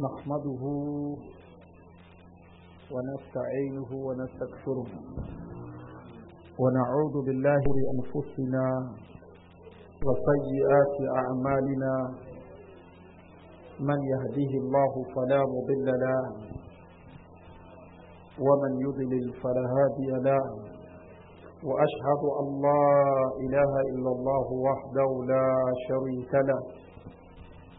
نحمده ونستعينه ونستكثره ونعوذ بالله لأنفسنا وسيئات أعمالنا من يهديه الله فلا مضل له ومن يضلل فلا هادي له وأشهد أن لا إله إلا الله وحده لا شريك له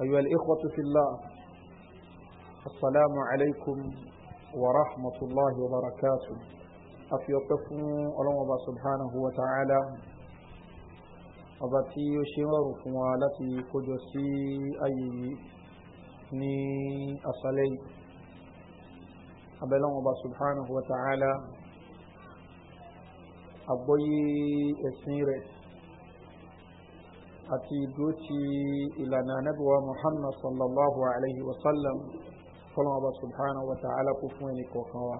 أيها الإخوة في الله السلام عليكم ورحمة الله وبركاته أفيقكم الله سبحانه وتعالى أبتي يشمركم والتي قدسي أي ni asalai abẹ́lẹ́ wọn bá subhanahu wa ta'ala agbóyé ẹ̀sìn rẹ̀ àti ìdúró ti ìlànà anábíwá muhammad sallallahu alayhi wa sallam fọlọ́n ọba subhanahu wa ta'ala kó fún ẹnì kọ̀ọ̀kan wa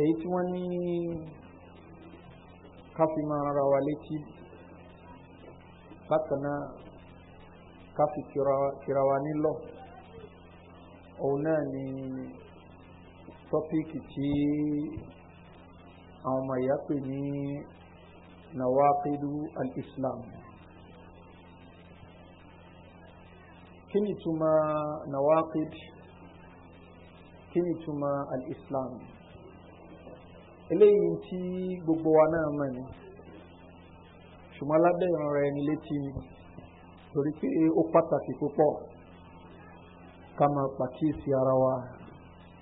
èyí tí wọ́n ní káfí máa rárá wa létí bákan náà káfí kíra wa nílọ òun náà ni tọ́píìkì tí àwọn ọmọ ìyá pè ní nawaqidu al-islam. kí ni túmọ̀ nawaqid kí ni túmọ̀ al-islam eléyìí tí gbogbo wa náà mọ̀ ni ṣùgbọ́n lábẹ́ ìran rẹ̀ ní létí torí pé ó pàtàkì púpọ̀ ká máa pàkíyèsí ara wa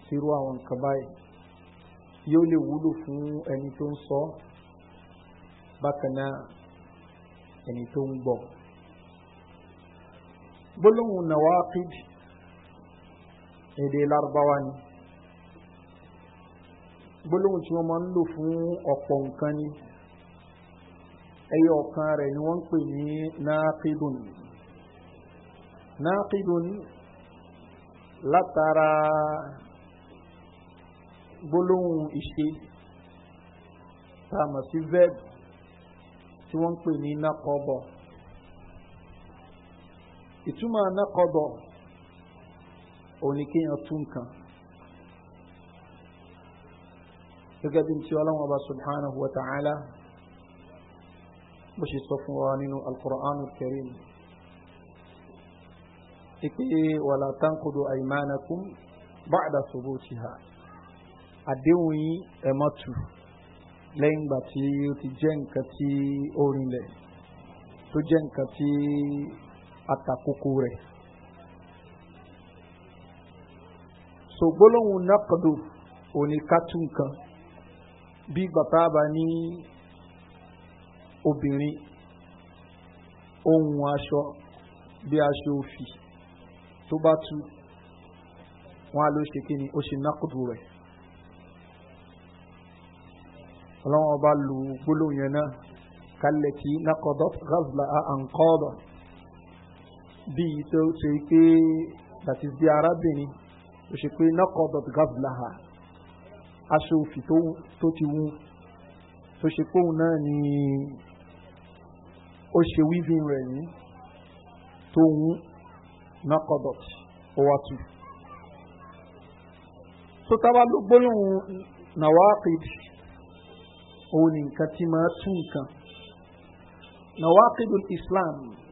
sírú àwọn nǹkan báyìí yóò lè wúlò fún ẹni tó ń sọ bákan náà ẹni tó ń gbọ́ gbólóhùn nawaqid èdè larabawa ni gbólóhùn tí wọ́n máa ń lò fún ọ̀pọ̀ nǹkan ni ẹyọ ọ̀kan rẹ̀ ni wọ́n ń pè ní naqidun naqidun látara gbólóhùn ìṣe tá a mọ̀ sí verb tí wọ́n ń pè ní nakọ́bọ̀ ìtumọ̀ anákọ̀dọ̀ oníkéyàn tún kan gẹ́gẹ́ bí tí ọlọ́wọ́n bá subhanahu wa ta'ala bó ṣe sọ fún wa nínú alkur'an kẹrin ipe wàlá tankudu aimanakum ba'da subutiha àdéhùn yín ẹ̀mọ́tù lẹ́yìn ìgbà tí ó ti jẹ́ nǹkan tí ó rinlẹ̀ tó jẹ́ nǹkan tí àtàkùkù rẹ̀. so gbólóhùn nákàdù òní kátó nǹkan bí gbàtàbà ní obìnrin ohun aṣọ bí aṣọ òfì tó bá tu wọn á ló ṣe kí ni ó ṣe nákàdù rẹ̀ ọlọ́wọ́n ọba lu gbólóhùn yẹn náà kálẹ̀ tí nákàdù ghazla à ń kọ́ ọ̀dọ̀ bí i tó ṣe pé tàbí bí arábìnrin tó ṣe pé nọ́kọ̀dọ̀t gàbùláhà aṣọ òfì tó ti wú tó ṣe pé òun náà ni ó ṣe wíìbìn rẹ̀ ní tó wú nọ́kọ̀dọ̀t ó wá tù. tó tábà ló gbólóhùn nàwáàkìdì òun ni nǹkan tí máa tún nǹkan nàwáàkìdì islam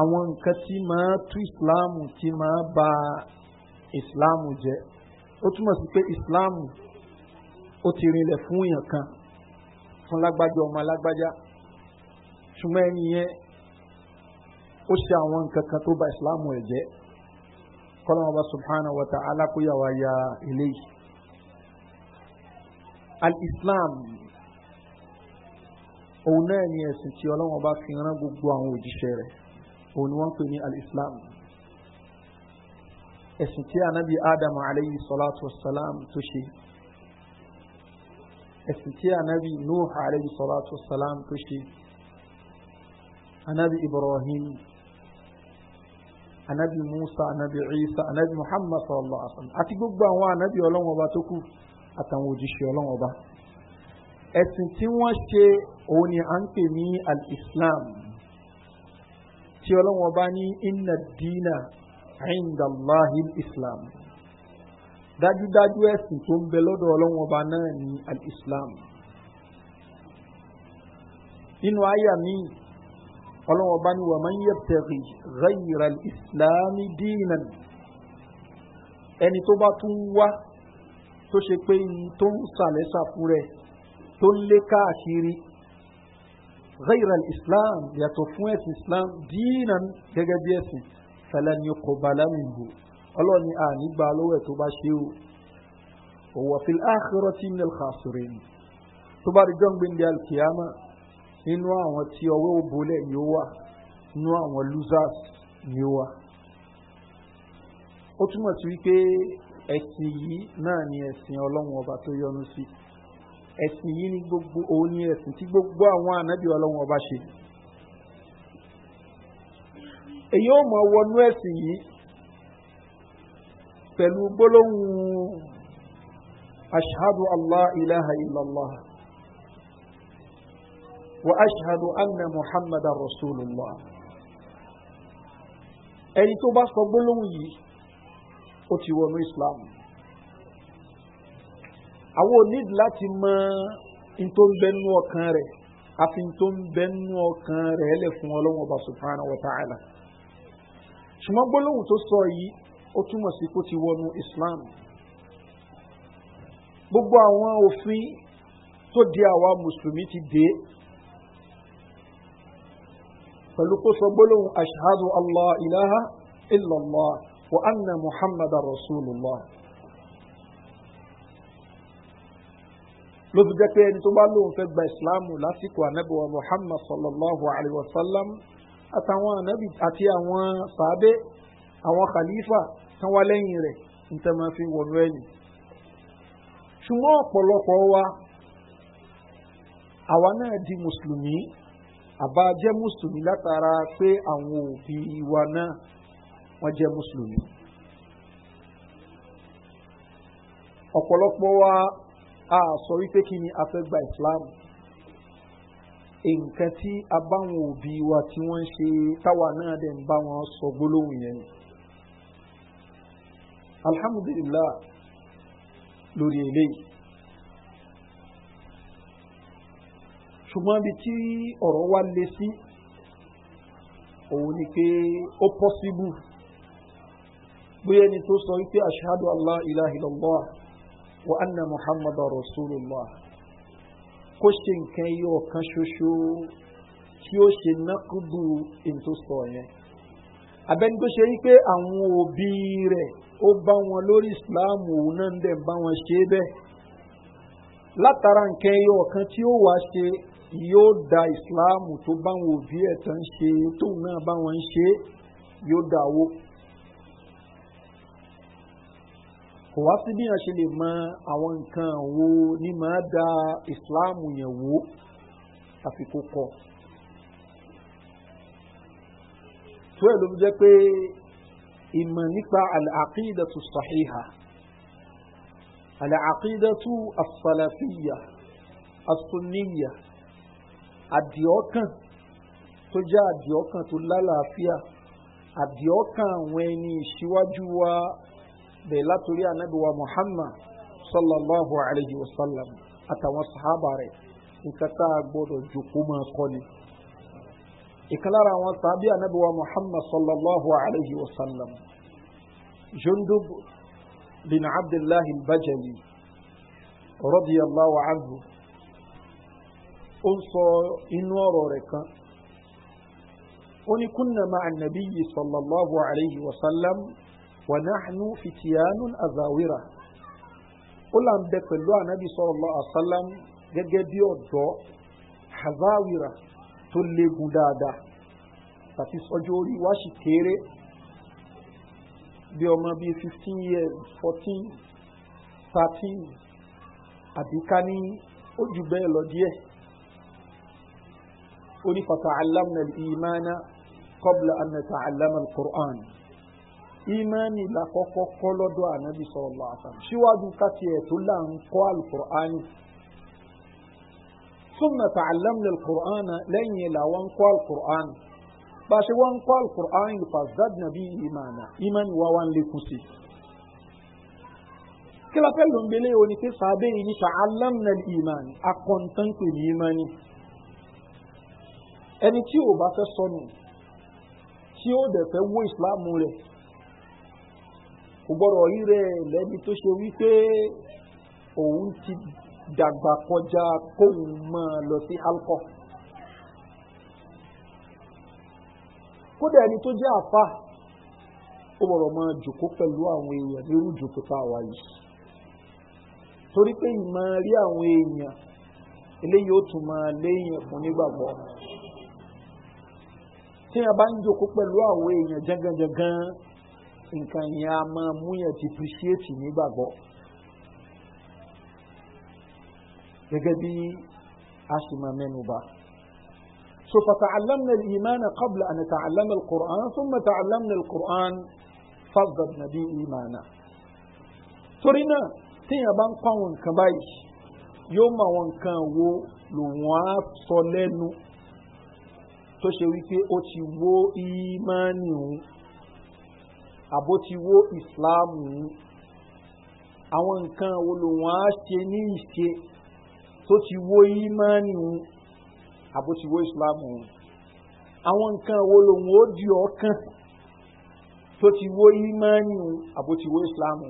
àwọn nǹkan tí máa tú ìsìláàmù tí máa ba ìsìláàmù jẹ́ ó túmọ̀ sí pé ìsìláàmù ó ti rinlẹ̀ fún èèyàn kan fún lágbájá ọmọ alágbájá ṣùgbọ́n ẹni yẹn ó ṣe àwọn nǹkan kan tó ba ìsìláàmù ẹ̀ jẹ́ kọ́lọ́mọ bá subhana wa ta alákóyàwá ya eléyìí al-islam òun náà ni ẹ̀sìn tí ọlọ́wọ́n bá fi rán gbogbo àwọn òjíṣẹ́ rẹ̀ òun ni wọ́n ń pè ní al-islam ẹ̀sìn tí anabi adamu alayhi salatu wa salam tó ṣe ẹ̀sìn tí anabi nuh alayhi salatu wa salam tó ṣe anabi ibrahim anabi musa anabi isa anabi muhammad sallallahu alaihi wa sallam àti gbogbo àwọn anabi ọlọ́wọ́n ọba tó kù àtàwọn òjíṣẹ́ ọlọ́wọ́n ọba ẹ̀sìn tí wọ́n ṣe òun ni à ń pè ní al tí ọlọ́wọ́n bá ní iná dínà àìndàláhi islam dájúdájú ẹ̀sìn tó ń bẹ lọ́dọ̀ ọlọ́wọ́n bá náà ní alìsílám nínú àyà mi ọlọ́wọ́n bá ní wà máa ń yẹ tẹ̀rì rẹ́yìrà ìsìlámì dínà ẹni tó bá tún wá tó ṣe pé tó ń sàlẹ̀ sàkúrẹ̀ tó ń lé káàkiri ghayra islam yàtọ̀ fún ẹ̀sìn islam dínan gẹ́gẹ́ bí ẹ̀sìn fẹlẹ́ ni kò bá lámìgbò ọlọ́ni ànígbà lọ́wọ́ ẹ̀ tó bá ṣe o òwò fi áàkìrọ̀ tí ní ẹ̀lkàṣọ̀rẹ̀ ni tó bá rí jọ́ngbìn di alkiyama inú àwọn tí ọwọ́ òbólẹ̀ ni ó wà inú àwọn losers ni ó wà ó túmọ̀ sí wípé ẹ̀sìn yìí náà ni ẹ̀sìn ọlọ́run ọba tó yọnu sí i ẹ̀sìn yìí ni gbogbo òun ni ẹ̀sìn tí gbogbo àwọn ànábì ọlọ́run ọba ṣe èyí ò mọ̀ wọnú ẹ̀sìn yìí pẹ̀lú gbólóhùn ashadu allah ilaha illallah wa ashadu anna muhammad rasulillah ẹni tó bá sọ gbólóhùn yìí ó ti wọnú islam àwọn onídìí láti mọ ntó ń bẹ nínú ọkàn rẹ àfi ntó ń bẹ nínú ọkàn rẹ lè fún ọlọ́wọ́n ọba sùpàánà wọ̀tàálà ṣùgbọ́n gbólóhùn tó sọ yìí ó túmọ̀ sí kó ti wọnú islam gbogbo àwọn òfin tó di àwa mùsùlùmí ti dé pẹ̀lú kó sọ gbólóhùn ashadu allah ilaha illallah wa anna muhammadu rasulillah. ló fi jẹ́ pé ẹni tó bá lóun fẹ́ gba ìsìláàmù lásìkò anábìwa muhammad sallallahu alayhi wa sallam àtàwọn anábì àti àwọn sàábé àwọn khalifa tán wá lẹ́yìn rẹ̀ níta máa fi wọ̀nú ẹ̀yìn ṣùgbọ́n ọ̀pọ̀lọpọ̀ wa àwa náà di mùsùlùmí àbá jẹ́ mùsùlùmí látara pé àwọn òbí wa náà wọ́n jẹ́ mùsùlùmí ọ̀pọ̀lọpọ̀ wa a sọ wípé kí ni a fẹ́ gba islam nǹkan tí a bá wọn òbí wa tí wọ́n ń ṣe táwa náà dẹ̀ ń bá wọn sọ gbólóhùn yẹn ni alhamdulilah lórí eléyìí ṣùgbọ́n bí tí ọ̀rọ̀ wa le sí òun ni pé ó pọ́síbù bóyá ẹni tó sọ wípé aṣáájú allah ilahi lọ́wọ́ wa anna muhammadu rasulillah kó ṣe nǹkan yí ọ̀kan ṣoṣo tí ó ṣe nákúdù ìtòsọ yẹn abẹ́ni tó ṣe yí pé àwọn òbí rẹ̀ ó bá wọn lórí ìsìláàmù òun náà ń dẹ̀ bá wọn ṣe bẹ́ẹ̀ látara nǹkan ẹyọ ọ̀kan tí ó wá ṣe yóò da ìsìláàmù tó bá wọn òbí ẹ̀ tán ṣe tóun náà bá wọn ṣe yóò dà wó. kò wá sí bí yàn ṣe lè mọ àwọn nǹkan wo ni màá da islam yẹn wò àfikò kọ. tó ẹ̀ ló fi jẹ́ pé ìmọ̀ nípa àlàáfíìdà sàhíhà àlàáfíìdà tó àfàlàfíyà àdìọ́kàn tó jẹ́ àdìọ́kàn tó lálàáfíà àdìọ́kàn àwọn ẹni ìṣíwájú wa bẹ̀ẹ̀ látòrí anabiwa muhammad sallallahu alayhi wa sallam àtàwọn sàhábà rẹ̀ nǹkan tá a gbọ́dọ̀ jòkó máa kọ́ ni. ìkàlára àwọn sàbí anabiwa muhammad sallallahu alayhi wa sallam jundub bin abdullahi bajali rọ́bìyàlláhu anhu ó ń sọ inú ọ̀rọ̀ rẹ̀ kan ó ní kúnnà máa nàbíyí sallallahu alayhi wa sallam. ونحن فتيان أذاورة قل أن بكلو النبي صلى الله عليه وسلم جدي أدو حذاورة تلي قدادة تفي سجوري واشي كيري bí ọmọ bíi fifteen years fourteen thirteen àbí ká ní ó jù bẹ́ẹ̀ lọ díẹ̀ ó ní fata alamna ìmáná kọ́bla anata alama alukur'an ìmánì làkọ́kọ́ kọ́ lọ́dọ̀ ànábì sọ̀rọ̀ lọ́sàn síwájú káti ẹ̀ tó là ń kọ́ alukur'ani súnmọ̀ tà àlámùlẹ̀ alukur'ana lẹ́yìn ẹ̀ làwọn ń kọ́ alukur'ani bá a ṣe wọ́n ń kọ́ alukur'ani lupa zadna bíi ìmánà ìmánì wá wá ń lékún sí. kílá ló ń gbélé o pé sàbẹ̀ yìí ní tà àlámùlẹ̀ ìmánì akọ̀ǹtàǹpẹ̀ ní ìmánì ẹni tí ò bá fẹ́ sọnù tí ó dẹ̀ fẹ́ wó ìsìlámù rẹ̀ kò gbọ́dọ̀ rí rẹ̀ lẹ́ni tó ṣe wípé òun ti dàgbà kọjá kóun máa lọ sí alcohol. kódà ẹni tó jẹ́ àfa ó bọ̀rọ̀ máa jòkó pẹ̀lú àwọn èèyàn nírú jòkó tá a wà yìí torí pé ìmọ̀ rí àwọn èèyàn eléyìí ó tún máa léèyàn fún nígbàgbọ́ tí a bá ń jòkó pẹ̀lú àwọn èèyàn jangan jangan nǹkan yẹn a máa mú yẹn ti appreciate nígbàgbọ́ gẹ́gẹ́ bí a sì máa mẹ́nu bá. so fata'allamna al-iman qabla an ta'allama al-qur'an thumma ta'allamna al-qur'an fazzabna bi imana. torí náà tíyẹn bá ń kọ́ àwọn nǹkan báyìí yóò mọ àwọn nǹkan wo lòun á sọ lẹ́nu tó ṣe wípé ó ti wó ìmánì àbó ti wó ìsìláàmù yìí àwọn nǹkan wo ló wọ́n á ṣe ní ìṣe tó ti wó ìmánì yìí àbó ti wó ìsìláàmù yìí àwọn nǹkan wo ló wọ́n ó di ọkàn tó ti wó ìmánì yìí ìsìláàmù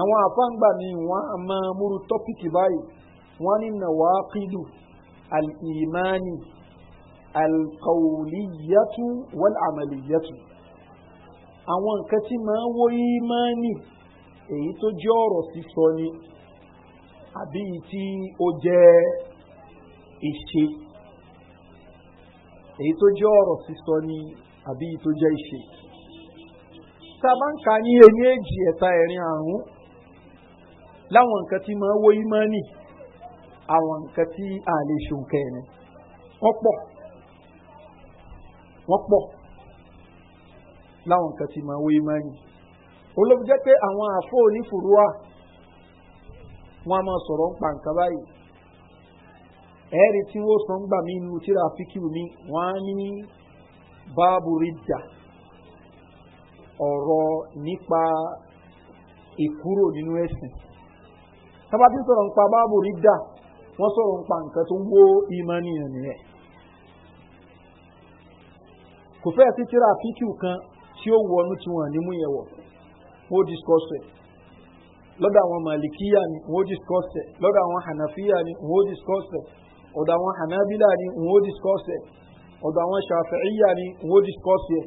àwọn àfáǹgbà mi wọn a máa múru tọ́pìkì báyìí wọn ní nàwákìlù alìmánì alkàwùlíyàtú wàlámàlìyàtú. Al àwọn nǹkan tí máa ń wó ìmánì èyí tó jẹ́ ọ̀rọ̀ sísọ ni àbí èyí tí ó jẹ́ ìṣe èyí tó jẹ́ ọ̀rọ̀ sísọ ni àbí èyí tó jẹ́ ìṣe tá a bá ń ka ní ẹni èjì ẹ̀ta ẹ̀rin àrùn láwọn nǹkan tí máa ń wó ìmánì àwọn nǹkan tí a lè ṣòǹkẹ́ ẹ̀rin wọ́n pọ̀ wọ́n pọ̀ láwọn nǹkan ti máa wé mọ́ni olóbi jẹ́ pé àwọn àfọ onífòrúwà wọn a máa sọ̀rọ̀ ń pa nǹkan báyìí ẹ̀ẹ́rì tí wọ́n sọ ń gbà mí nu tíra fíkìrù mi wọ́n á ní báàbù rí dà nípa ìkúrò nínú ẹ̀sìn tábà tí sọ̀rọ̀ nípa báàbù rí dà wọ́n sọ̀rọ̀ nípa nǹkan tó ń wó ìmọ̀ nìyẹn kò fẹ́ẹ̀ sí tíra fíkìrù kan tí ó wọnú tí wọ́n ní mú yẹn wọ̀ wọ́n discuss lọ́dọ̀ àwọn malikiya ni wọ́n discuss ẹ̀ lọ́dọ̀ àwọn hanafiya ni wọ́n discuss ẹ̀ ọ̀dọ̀ àwọn hanabila ni wọ́n discuss ọ̀dọ̀ àwọn shafi'iya ni wọ́n discuss ẹ̀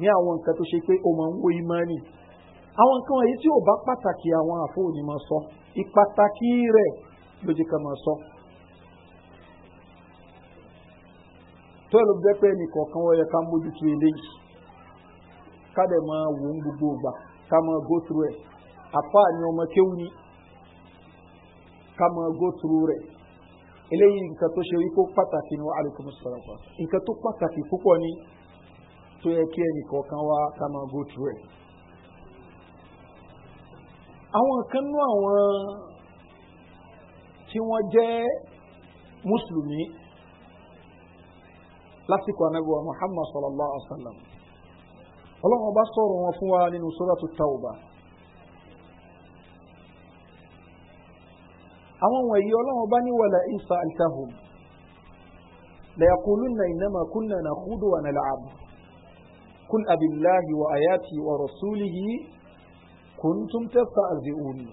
ní àwọn nǹkan tó ṣe pé o máa ń imani sọ ìpàtàkì rẹ̀ sọ. tó ló jẹ́ pé ẹnì kọ̀ọ̀kan wọ́n yẹ ká mójútó eléyìí ká dẹ̀ máa wò ń gbogbo ìgbà ká máa go through ẹ̀ àpá àní ọmọ kéwù ni ká máa go through rẹ̀ eléyìí nǹkan tó ṣe wípé pàtàkì ni wọ́n alùpùpù sọ̀rọ̀ pa nǹkan tó pàtàkì púpọ̀ ni tó yẹ kí ẹnì wá ká máa go through ẹ̀. àwọn kan nú àwọn tí wọ́n jẹ́ mùsùlùmí. lásìkò anabi wa muhammad sallallahu alaihi wa sallam ọlọ́run ọba sọ̀rọ̀ wọn fún wa nínú sóràtú tauba àwọn wọ̀nyí ọlọ́run ọba ní wàlà isa altahum lẹ́yàkúlù náà ìnáma kúnnà náà kúdù wà nàlá àbù kún abiláhi wa ayati wa rasulihi kuntum tẹ́sà àzìúni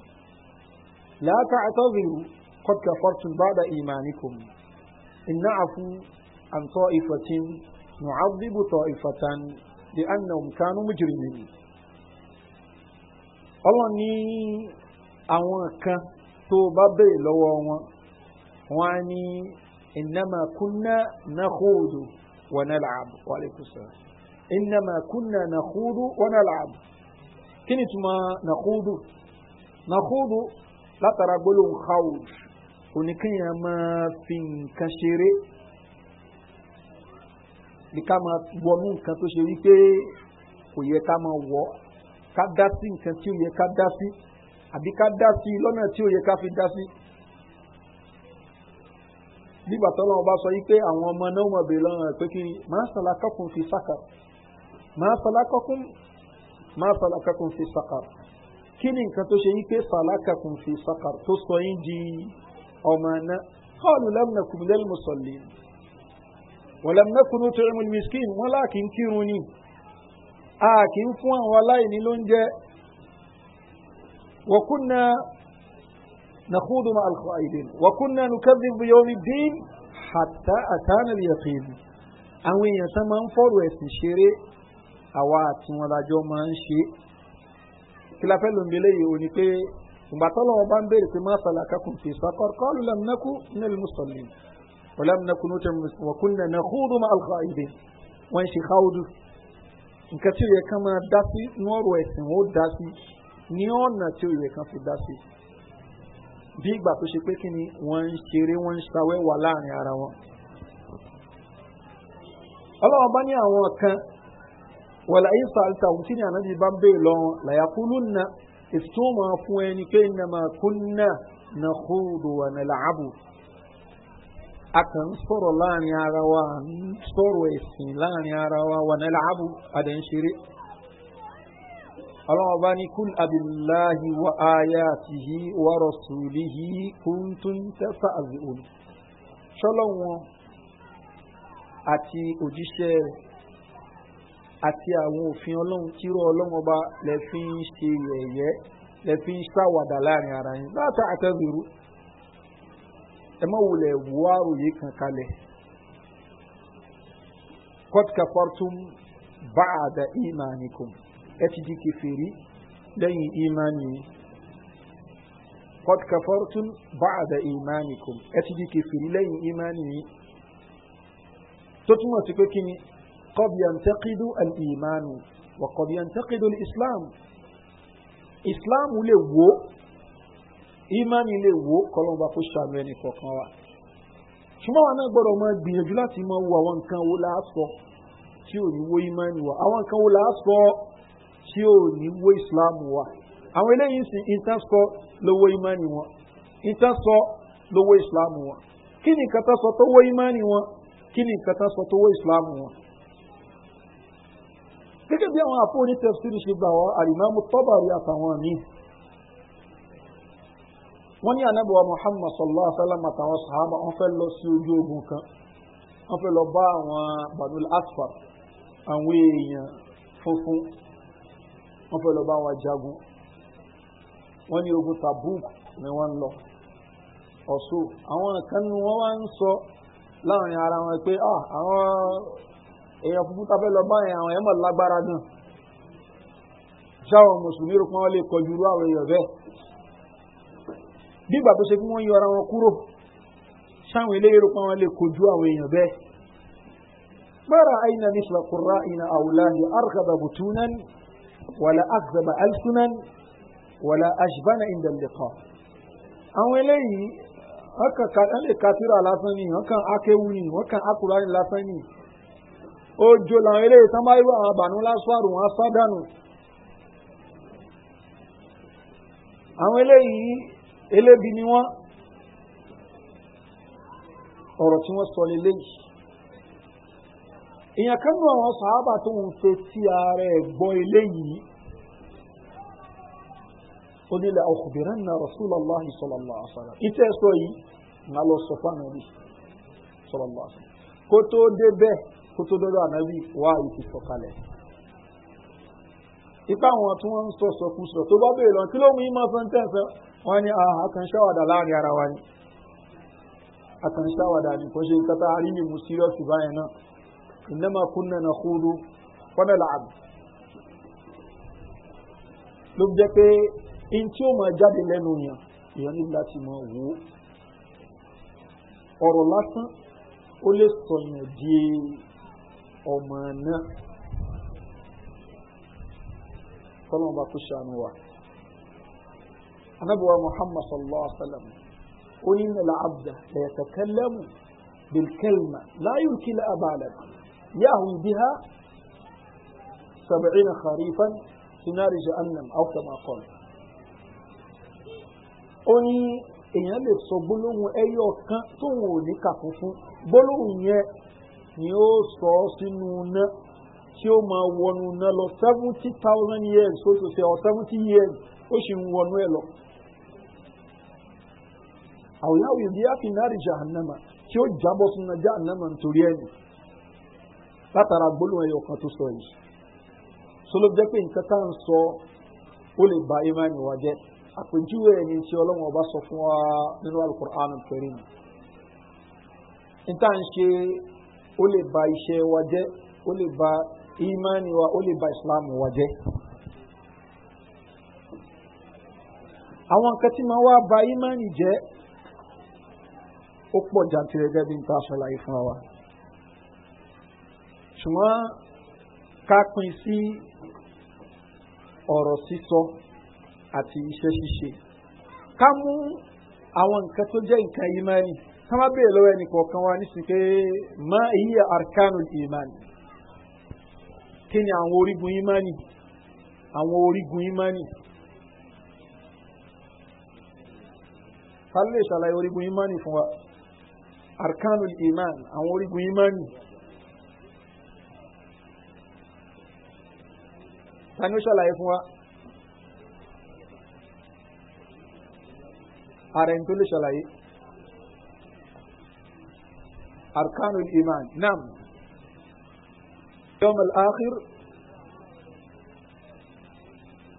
láàkà àtọ́zìrù kọ́kà fọ́tún bá da ìmánikum ìnáàfù عن طائفة نعذب طائفة لأنهم كانوا مجرمين الله ني àwọn kan tó bá bèè lọ́wọ́ wọn wọn á ní ìnáma kúnná nàkúrúdù wọn náà làbù wàlẹ́kùsà ìnáma kúnná nàkúrúdù wọn náà làbù kí ni tuma nàkúrúdù nàkúrúdù látara gbólóhùn hawd oníkéèyàn máa fi nǹkan ṣeré ní ká máa wọnú nǹkan tó ṣe wípé kò yẹ ká máa wọ ká dá sí nǹkan tí ó yẹ ká dá sí àbí ká dá sí lọ́nà tí ó yẹ ká fi dá sí. nígbà tó lọ́wọ́ bá sọ wípé àwọn ọmọ náà mọ̀ bèèrè lọ́nà pé kí máa sọ̀lá kọ́kùn fi sàkà máa sọ̀lá kọ́kùn máa sọ̀lá kọ́kùn fi sàkà kí ni nǹkan tó ṣe wípé sọ̀lá kọ́kùn fi sàkà tó sọ yín di ọmọ náà kọ́ọ̀lù lẹ́mùnà kùmílẹ́lì wọ̀lẹ̀ mẹ́kùnú tó ẹmu miskin wọ́n láàkì ń kírun ni a kì ń fún àwọn aláìní ló ń jẹ́ wọ̀kúnnà nàkúdù ma alkọ àìdìn wọ̀kúnnà nùkẹ́bí bíyọ́mi dín hàtà àtànà bí yàtìn àwọn èèyàn tán máa ń fọ́rọ̀ ẹ̀sìn ṣeré àwa àti wọn lájọ máa ń ṣe kíláfẹ́ ló ń gbélé yìí ò ní pé ìgbà tọ́lọ́wọ́ bá ń béèrè pé má sàlàkà kùn fi sàkọ́rọ́ kọ́ lulẹ̀ mẹ́kù nílùú mùsùlùmí ولم نكن وكنا نخوض مع الخائدين wọ́n ṣe káwọ́dù nǹkan tí ó yẹ kán máa dá sí ní ọ̀rọ̀ ẹ̀sìn ó dá sí ní ọ̀nà tí ó yẹ kán fi dá sí bí ìgbà tó ṣe pé kí ni wọ́n ń ṣeré wọ́n ń ṣawẹ́wà láàrin ara wọn. ọlọ́wọ́n bá ní àwọn kan wàlá ayé sàlùtà òun tí ní ànábì bá ń bèè lọ́wọ́ làyà kúlù nà ètò máa fún ẹni pé nàmà kúnnà nà kúrò wà nà làábù a kàn ń sọ̀rọ̀ láàrin ara wa ń sọ̀rọ̀ ẹ̀sìn láàrin ara wa wà ní làábù àdẹ̀ńṣeré ọlọ́wọ́ bá ní kún abiláhi wa aya ti yí wa rọ̀sùlì yí kún tún tẹ́sà àbí olù ṣọ́lọ́wọ́n àti òjíṣẹ́ rẹ̀ àti àwọn òfin ọlọ́run tírọ̀ ọlọ́run ọba lẹ́fí ṣe yẹ̀yẹ́ lẹ́fí ṣàwàdà láàrin ara yín látà àtẹ́bìrú ẹ má wulẹ̀ wọ àròyé kan kalẹ̀ kọ́tùkà fọ́tún bá àdá ìmánìkùn ẹ ti di kẹfẹ́rí lẹ́yìn ìmánì kọ́tùkà fọ́tún bá àdá ìmánìkùn ẹ ti di kẹfẹ́rí lẹ́yìn ìmánì tó túmọ̀ sí pé kí ni kọ́bí àǹtẹ́kídú àlìmánu wà kọ́bí àǹtẹ́kídú islam islam lè wò ìmánì lè wò kọlọ́mọba kó ṣàánú ẹnì kọ̀ọ̀kan wa ṣùgbọ́n àwọn náà gbọ́dọ̀ máa gbìyànjú láti máa wo àwọn nǹkan wo la sọ tí ò ní wo ìmánì wa àwọn nǹkan wo la sọ tí ò ní wo islam wa àwọn eléyìí sì ìtàn sọ lówó ìmánì wọn ìtàn sọ lówó islam wọn kí ni nǹkan tán sọ tó wó ìmánì wọn kí ni nǹkan sọ tó wó islam wọn. gẹ́gẹ́ bí àwọn àpò onítẹ̀síri ṣe gbà wọ́n àrìmámú tọ́bàrí àtàwọn míì wọ́n ní anábọ̀ muhammad sallallahu alaihi wa sallam àtàwọn sàhábà wọ́n fẹ́ lọ sí ojú ogun kan wọ́n fẹ́ lọ bá àwọn banul asfar àwọn èèyàn funfun wọ́n fẹ́ lọ bá wọn jagun wọ́n ní ogun tabuk ni wọ́n lọ ọ̀ṣọ́ àwọn kan ni wọ́n wá ń sọ láàrin ara wọn pé ah, àwọn èèyàn funfun tá a fẹ́ lọ bá yẹn àwọn èèyàn lágbára gan ṣáwọn mùsùlùmí rò pé wọ́n lè kọjú irú àwọn èèyàn bẹ́ẹ̀ bí ìgbà tó ṣe fún wọn yọ ara wọn kúrò sáwọn ilé ìrùpá wọn lè kojú àwọn èèyàn bẹ́ẹ̀ mara aina misla kura ina awulahi arkaba butunan wala akzaba alsunan wala ashbana inda liqa àwọn eléyìí wọn kàn kàn lè katira lásán ni wọn kàn akéwu ni wọn kàn akura ni lásán ni ojo làwọn eléyìí tán bá yíwọ àwọn àbànú lásán wọn sádànù àwọn eléyìí elébi ni wọ́n ọ̀rọ̀ tí wọ́n sọ lélẹ́yìí èèyàn kan nù àwọn sàábà tó ń fe tí ara ẹ̀ gbọ́ eléyìí ó nílẹ̀ ọkùnrin náà rasulà allah sọlọ́lá àṣàlá ìtẹ́ sọ yìí ńlá lọ sọ fún ànábì sọlọ́lá àṣàlá kó tó dé bẹ́ẹ̀ kó tó dọ́dọ̀ ànábì wá ìfi sọ̀kalẹ̀ ipa àwọn tí wọ́n ń sọ sọkúsọ tó bá béèrè lọ kí ló mú yín máa fẹ́ ń tẹ̀ sọ wọ́n ní àkànṣáwàdà láàrin ara wa ni àkànṣáwàdà ni kò ṣe nǹkan tá a rí ní mu sírọ́ọ̀sì báyẹn náà ìnáma kúnnà na kúrú wọ́nà laad ló jẹ́ pé in tí ó máa jáde lẹ́nu yàn èèyàn ní láti mọ wò ó lásán ó lè sọ̀yàn di ọmọ náà kọ́lọ́mọba kò ṣàánú wa. نبوة محمد صلى الله عليه وسلم قل إن العبد ليتكلم بالكلمة لا يلقي الأبى لك يهوي بها سبعين خريفا في نار جهنم أو كما قال قل إن يلي صبلهم أي وكان تولي كفوفو بلهم يه نيو سوسنون تي وما وانونا لو 70,000 years so يقول say or 70 years وشي وانوه لو awuyawuyi di ya fi narija annama ki jabo suna ja annama nitori eni latara gboluwa ya okantu so isi solubje pe in ka ta so o le ba imaniwa je akpun ji uwe enyi nke olamwa ba so funwa na nwal kur'an al-fari'in in ta nke o le ba ise waje o le ba islamu waje awon nka timawa ba imani ó pọ̀ jantire gẹ́gẹ́ bí n ta ṣàlàyé fún wa ṣùgbọ́n ká pin sí ọ̀rọ̀ sísọ àti iṣẹ́ ṣíṣe ká mú àwọn nǹkan tó jẹ́ nǹkan ìmánì ká má bèèrè lọ́wọ́ ẹnì kọ̀ọ̀kan wa nísìnyí pé má èyí àrkánù ìmánì kí ni àwọn orígun ìmánì àwọn orígun ìmánì ká lè ṣàlàyé orígun ìmánì fún wa. أركان الإيمان أموري إيمان تاني شاء الله يفوا أرين تولي شاء أركان الإيمان نعم يوم الآخر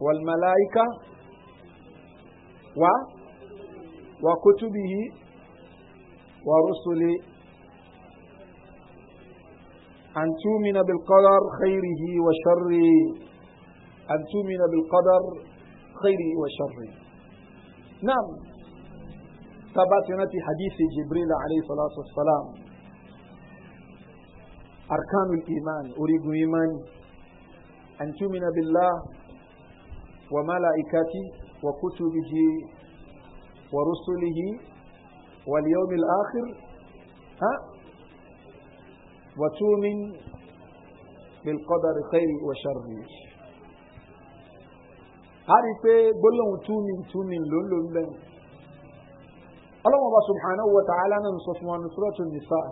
والملائكة و وكتبه ورسله أن تؤمن بالقدر خيره وشره أن تؤمن بالقدر خيره وشره نعم ثبتنا في حديث جبريل عليه الصلاة والسلام أركان الإيمان أريد إيمان أن تؤمن بالله وملائكته وكتبه ورسله واليوم الآخر ها وتؤمن بالقدر خير وشر هاري بي بلون تؤمن تؤمن لون لون لون الله سبحانه وتعالى ننصف من سورة النساء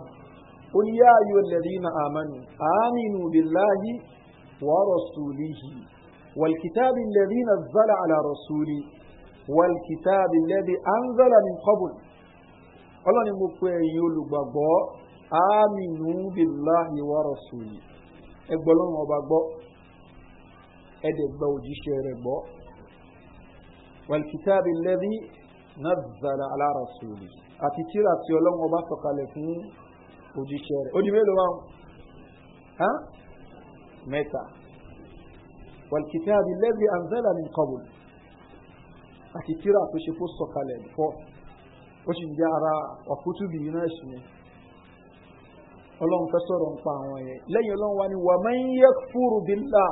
قل يا أيها الذين آمنوا آمنوا بالله ورسوله والكتاب الذي نزل على رسوله والكتاب الذي أنزل من قبل ọlọ́ni mo pe ẹ̀yin olùgbàgbọ́ àmìnú bìlá ìwà rọ̀sù yìí ẹgbẹ́ ọlọ́run ọba gbọ́ ẹ̀dẹ̀ gba òjíṣẹ́ rẹ̀ gbọ́ wàlùkítàbí lẹ́bí náà zàrà alárọ̀sù yìí àti tíra tí ọlọ́run ọba sọ̀kalẹ̀ fún òjíṣẹ́ rẹ̀ ó mélòó wa mẹ́ta wàlùkítàbí lẹ́bí anzala ní kọ́bùn àti tíra tó ṣe fún sọ̀kalẹ̀ fọ́ọ̀ ó sì ń jẹ́ ara ọ̀kútùbì yìí náà sì ni ọlọ́run fẹ́ sọ̀rọ̀ ń pa àwọn yẹn lẹ́yìn ọlọ́run wa ni wà máa ń yẹ fúru bí ńlá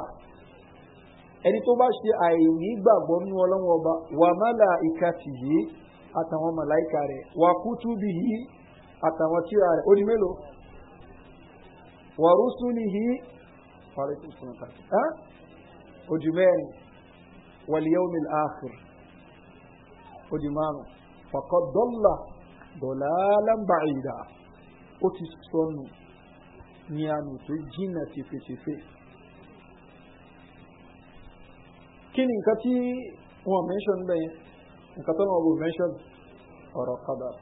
ẹni tó bá ṣe àìní gbàgbọ́ nínú ọlọ́run ọba wà mọ́là ìka tì yìí àtàwọn màláìka rẹ̀ wà kútùbì yìí àtàwọn tíra rẹ̀ ó di mélòó wà rúsùlì yìí ó di mẹ́rin wà lìyẹ́wòmìlì áàfin ó di márùn-ún fàkọ́ dọ́là dọ̀là lámbà ìdá ó ti sọnù ní àmì tó jìnnà tìfetìfe. kí ni nǹkan tí wọn mẹ́ṣọ̀n bẹ́yẹn nǹkan tó náà wọ mẹ́ṣọ̀n ọ̀rọ̀ kádàrà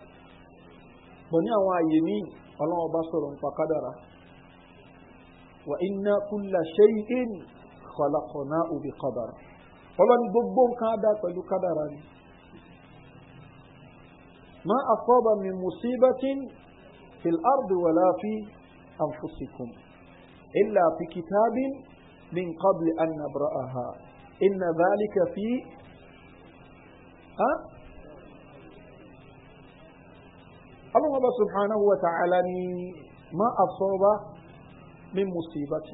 bọ̀ ní àwọn àyè míì ọlọ́wọ́ bá sọ̀rọ̀ nípa kádàrà wà iná kúlà ṣe é ní kọ̀lákọ̀ná òbí kádàrà ọlọ́ni gbogbo nǹkan á dá pẹ̀lú kádàrà ni. ما أصاب من مصيبة في الأرض ولا في أنفسكم إلا في كتاب من قبل أن نبرأها إن ذلك في ها الله سبحانه وتعالى ما أصاب من مصيبة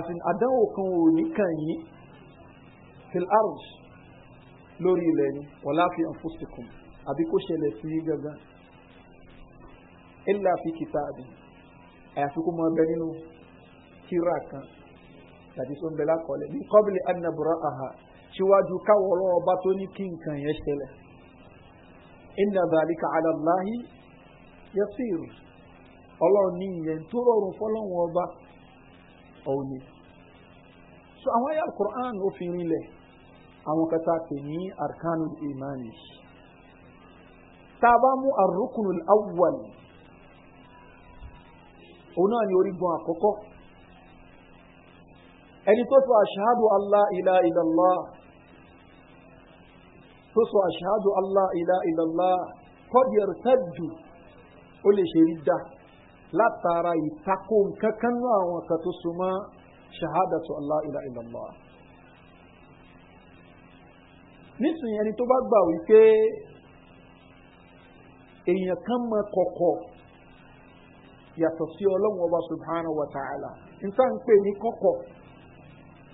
أفن àdánwò kan في الأرض kàn yín fil arj lórí àbí kó ṣẹlẹ̀ sí gangan ilà fi kìtà àbí àyàfi kó mọ ọbẹ̀ nínú kíra kan tàbí tó ń bẹ lákọọ́lẹ̀ ní kọ́bìlì anabura aha síwájú káwọ́rọ́ ọba tó ní kí nǹkan yẹn ṣẹlẹ̀ iná bàálíkà alàláhi yẹsìrì ọlọ́run ní ìyẹn tó rọrùn fọlọ́run ọba ọ̀hún ni. so àwọn ayé alukur'an òfin rinlẹ̀ àwọn kata pè ní arkanu imani tá a bá mú arukunul awwal òun náà ni orígun àkọ́kọ́ ẹni tó sọ àṣàdù allah ilá ìlàlá tó sọ àṣàdù allah ilá ìlàlá kọ́dí ẹ̀rẹ́tẹ́jù ó lè ṣe rí dá látara ìtakò kankan náà àwọn kan tó so mọ́ ṣàhádà tó allah ilá ìlàlá nísìnyẹni tó bá gbà wípé èèyàn kan mọ kọ̀kọ̀ yàtọ̀ sí ọlọ́run ọba subhana wa ta'ala nta ń pè ní kọ̀kọ̀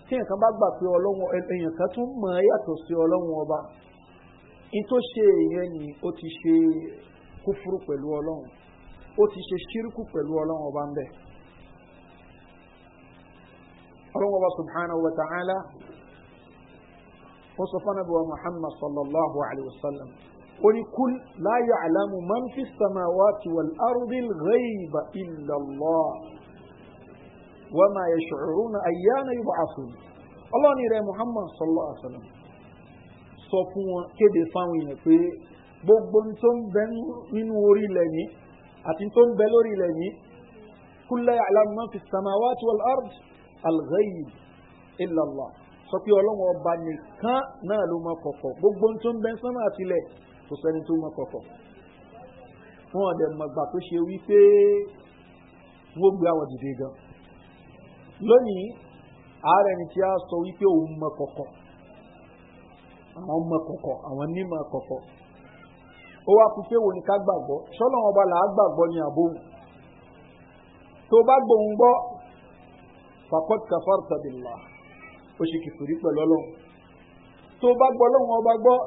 tí èèyàn kan bá gbà pé ọlọ́run èèyàn kan tún mọ yàtọ̀ sí ọlọ́run ọba n tó ṣe èèyàn ni ó ti ṣe kúfúrú pẹ̀lú ọlọ́run ó ti ṣe ṣírúkú pẹ̀lú ọlọ́run ọba ń bẹ̀. ọlọ́run ọba subhana wa ta'ala ó sọ fún anabi wa muhammad sallallahu alayhi wa sallam oníkún láyà àlámù máa ń fi sàmáwá ti wà lárúbí rẹ́ìbà ìlọ́lọ́ wọ́n máa yẹ ṣòro na àyáná ibà àfún ọlọ́ọ̀ni rẹ̀ muhammad sọlọ́ àṣàlám sọ fún wọn kéde fáwọn èèyàn pé gbogbo tó ń bẹ nínú orí ilẹ̀ yìí àti tó ń bẹ lórí ilẹ̀ yìí kún láyà àlámù máa ń fi sàmáwá ti wà lárúbí alghayib ilọ́lọ́ sọ pé ọlọ́wọ́n ọba nìkan náà ló máa kọ̀kọ̀ gbogbo tó ń bẹ sánmà àtìlẹ̀ kò sẹ́ni tó mọ kọ̀kọ̀ wọn ọ̀dẹ̀ mọ̀gbà tó ṣe wípé wọ́n gbé àwọn dìde gan lónìí ààrẹ ni tí a sọ wípé òun mọ kọ̀kọ̀ àwọn mọ kọ̀kọ̀ àwọn nímọ̀ kọ̀kọ̀ ó wá kú pé wo ni ká gbàgbọ́ sọ́nà ọba là á gbàgbọ́ ní àbóhùn tó bá gbóhùn gbọ́ fàkọ́t kàfàr tàbí ó ṣe kìkìrí pẹ̀lú ọlọ́run tó bá gbọ́ ọlọ́run ọba gbọ́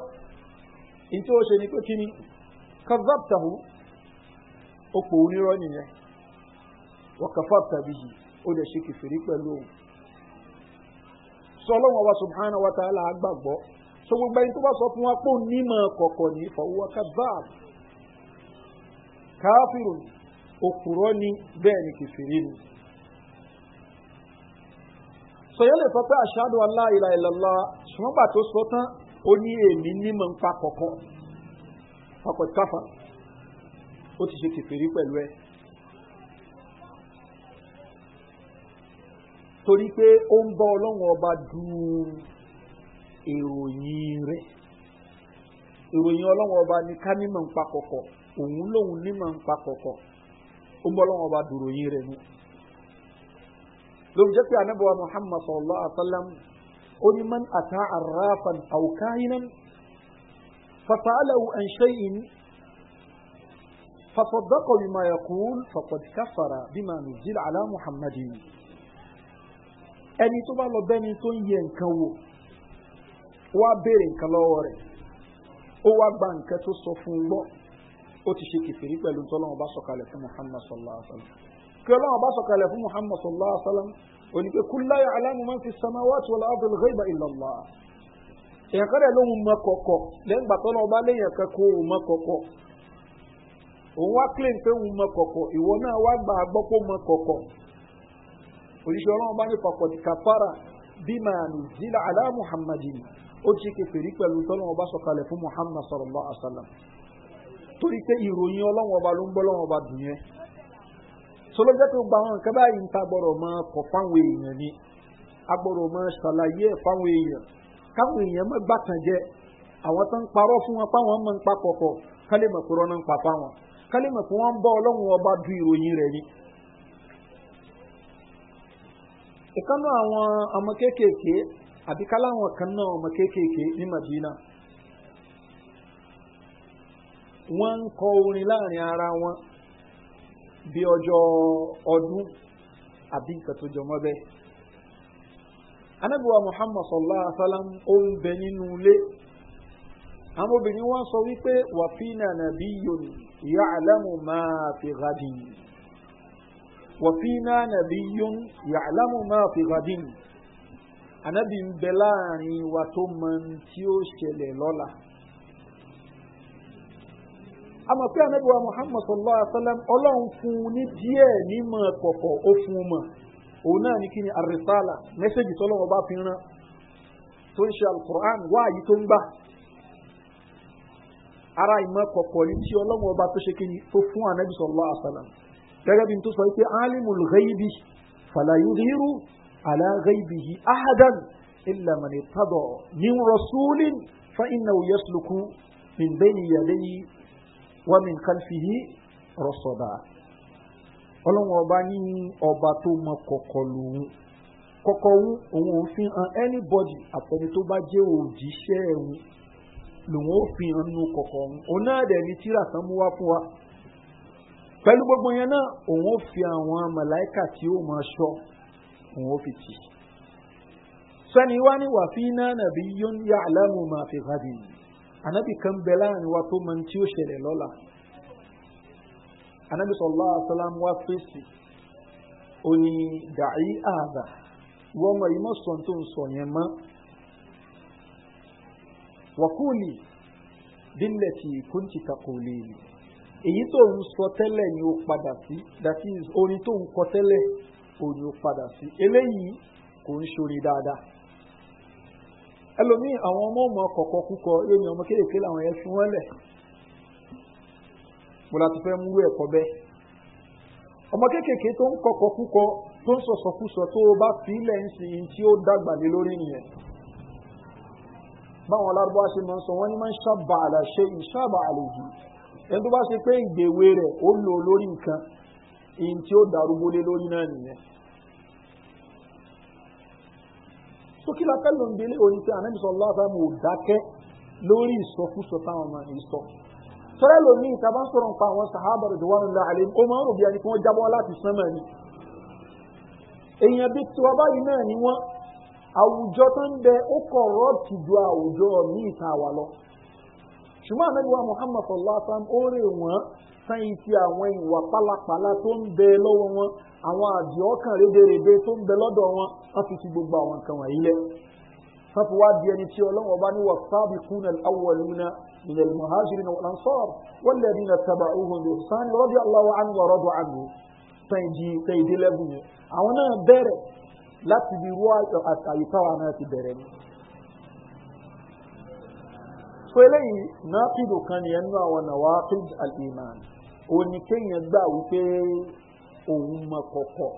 in tí ó ṣe ni pé kí ni kazabtahu ó pò ó nírọ́ nìyẹn wọ́n kafabta bihi ó lè ṣe kìfìrí pẹ̀lú òun sọ lọ́wọ́ wa subhana wa ta'ala agbàgbọ́ so gbogbo ẹni tó bá sọ fún wa pé òun nímọ̀ kọ̀kọ̀ ní ìfọwọ́ kazab káfírùn òkúrọ́ ni bẹ́ẹ̀ ni kìfìrí ni sọ yẹn lè sọ pé àṣàdùn aláìláìlọ́lá ṣùgbọ́n gbà sọ tán ó ní èmi nímọ̀ ń pa kọ̀kọ́ papọ̀ káfà ó ti ṣe kẹfìrí pẹ̀lú ẹ. torí pé ó ń bá ọlọ́run ọba du ìròyìn rẹ̀ ìròyìn ọlọ́run ọba ní ká nímọ̀ ń pa kọ̀kọ́ òun lòun nímọ̀ ń pa kọ̀kọ̀ ó ń bọ́ lọ́wọ́ ọba dòròyìn rẹ̀ ni. lóun jẹ́ pé anábọ̀wá muhammad sallallahu alaihi wa sallam ó ní man ata arrafan aw kahinan fasalahu an shay'in فصدق بما يقول فقد كفر بما نزل على محمد ẹni tó bá lọ bẹ́ni tó ń yẹ nǹkan wò wá béèrè nǹkan lọ́wọ́ rẹ̀ ó wá gba nǹkan tó sọ fún un gbọ́ ó ti ṣe kìfìrí pẹ̀lú tọ́lọ́wọ́n bá sọ̀kalẹ̀ fún muhammad sallallahu alayhi wa sallam kí ọlọ́wọ́n bá sọ̀kalẹ̀ fún muhammad sallallahu alayhi wa sallam onípe kúláyà alámùmá fi samáwáàtì wọlé abdul ghaiba ìlàlá èèyàn kan rẹ̀ lóhun mọ kọ̀kọ̀ lẹ́yìn gbàtọ́ náà ọba lẹ́yìn ẹ̀ka kó òun mọ kọ̀kọ̀ òun wá claim pé òun mọ kọ̀kọ̀ ìwọ náà wá gbà gbọ́ pé òun mọ kọ̀kọ̀ òṣìṣẹ́ ọlọ́run bá ní papọ̀ kàfàrà bímà nìzílà alá muhammadin ó ti ṣe pèrí pẹ̀lú tọ́lọ́run ọba sọ̀kalẹ̀ fún muhammad sallallahu alaihi wa torí pé ìròyìn ọlọ́run ọba ló ń gbọ́ ọlọ́run ọba dùn yẹn sọlọ́jọ́ tó gba àwọn nǹkan báyìí ń ta gbọ́dọ̀ máa kọ̀ fáwọn èèyàn ni a gbọ́dọ̀ máa ṣàlàyé ẹ̀ fáwọn èèyàn káwọn èèyàn má gbàtàn jẹ àwọn tó ń parọ́ fún wọn fáwọn máa ń pa pọ̀pọ̀ kálí mọ̀ rọ́nà ń pa fáwọn kálí mọ̀ wọ́n bọ́ ọlọ́run ọba du ìròyìn rẹ̀ ni. ìkànnà àwọn ọmọ kéékèèké àbí káláwọn kan náà ọmọ kéékèèké ní madina wọ́n ń kọ orin láàrin ara wọn bí ọjọ́ ọdún àbí nǹkan tó jọmọ́ bẹ́ẹ̀. anábìwá muhammad sallallahu alaihi wa sallam ó ń bẹ nínú ilé àwọn obìnrin wọn sọ wípé wàfínà nàbí yòní ìyá àlámù máa fi gadin wàfínà nàbí yòní ìyá àlámù máa fi gadin anábì ń bẹ láàrin wa tó mọ tí ó ṣẹlẹ̀ lọ́la àmọ̀ pé anábìwá muhammad sallallahu alayhi wa sallam ọlọ́run fún un ní díẹ̀ nímọ̀ kọ̀kọ̀ ó fún un mọ̀ òun náà ní kí ni àrísàlà mẹ́sẹ̀gì tọ́lọ́wọ́ bá fi rán tó ń ṣe alukur'an wáàyí tó ń gbà ara ìmọ̀ kọ̀kọ̀ ní tí ọlọ́run ọba tó ṣe kíni tó fún anabi sọ̀rọ̀ àṣàlám gẹ́gẹ́ bí n tó sọ pé alimul ghaibi falayuhiru ala ghaibihi ahadan illa mani tadọ̀ min rasulin fa inna yasluku min bẹ́ni yàdẹ́yìí wàmí kálífìhì rọ̀sọ̀dà ọlọ́run ọba ní ọba tó mọ kọ̀kọ̀ lòun kọ̀kọ̀ òun òun ò fi hàn anybody àtẹni tó bá jẹ́ òjíṣẹ́ òun lòun ò fi hàn nínú kọ̀kọ̀ òun òun náà dẹ̀ ní tíra kan mú wá fún wa pẹ̀lú gbogbo yẹn náà òun fi àwọn màláìkà tí ó máa ṣọ òun fi tì sani wá ní náà nàbí yóò ń yà á fi hàdì yìí anabi kan bẹ láàrin wa tó mọ tí ó ṣẹlẹ̀ lọ́la anabi sọlá asalam wa fèsì òní dàí àdà wọ́n mọ̀ yìí mọ̀ sọ̀ tó ń yẹn mọ́ wàkúùlì bílẹ̀ tí kúntì èyí tó ń sọ tẹ́lẹ̀ ni ó padà sí that is orin tó ń kọ tẹ́lẹ̀ òní ó padà sí eléyìí kò ń ṣorin dáadáa ẹlòmíì àwọn ọmọ ọmọ kọ̀kọ́ kúkọ lónìí ọmọ kéèké làwọn yẹn fún wọn lẹ̀ mo láti fẹ́ mú ẹ̀kọ́ bẹ́ẹ̀ ọmọ kéèké tó ń kọ̀kọ́ kúkọ tó ń sọ̀sọ̀kúsọ tó bá fílẹ̀ ń sìn tí ó dàgbà lé lórí nìyẹn báwọn alárúbá ṣe máa ń sọ wọn ní máa ń ṣàbà àlàṣe ìṣàbà àlejò ẹni tó bá ṣe pé ìgbèwé rẹ̀ ó lò lórí nǹkan ìyìn tí ó darúgbó lé lórí náà nìyẹn sókè la fẹ́ ló ń gbélé òní pé ànábì sọ̀rọ̀ lọ́wọ́ àbámu ò dákẹ́ lórí ìsọkúsọ táwọn máa ń sọ. sọ́rẹ́ lomi ìta bá sọ̀rọ̀ nípa àwọn sàhábà rẹ̀ wà nílẹ̀ àlẹ́ ó máa ń rò bí ẹni kí wọ́n jábọ́ láti sánmà ni. èèyàn bíi tiwa báyìí náà ni wọ́n àwùjọ tó ń bẹ ó kọ̀ rọ́ọ̀tì ju àwùjọ míì ta wà lọ. ṣùgbọ́n ànábì wa Muhammad san ife àwọn ìwà pálapàla tó ń bẹ lọ́wọ́ wọn àwọn àdìọ́kàn rédèrèdè tó ń bẹ lọ́dọ̀ wọn wọ́n fi ti gbogbo àwọn nǹkan wọ̀nyí lẹ̀ wọ́n fi wá di ẹni tí ọlọ́wọ́ bá ní sábì kún alawaluna ilẹ̀ muhajirin wal ansar wọ́n lè ní nàtàbà ohun lè sani rọ́bì aláwọ̀ so eléyìí náà kìdò kan nìyẹn nínú àwọn nàwákìd al-iman òní kéèyàn gbà wípé òun mọ kọ̀kọ̀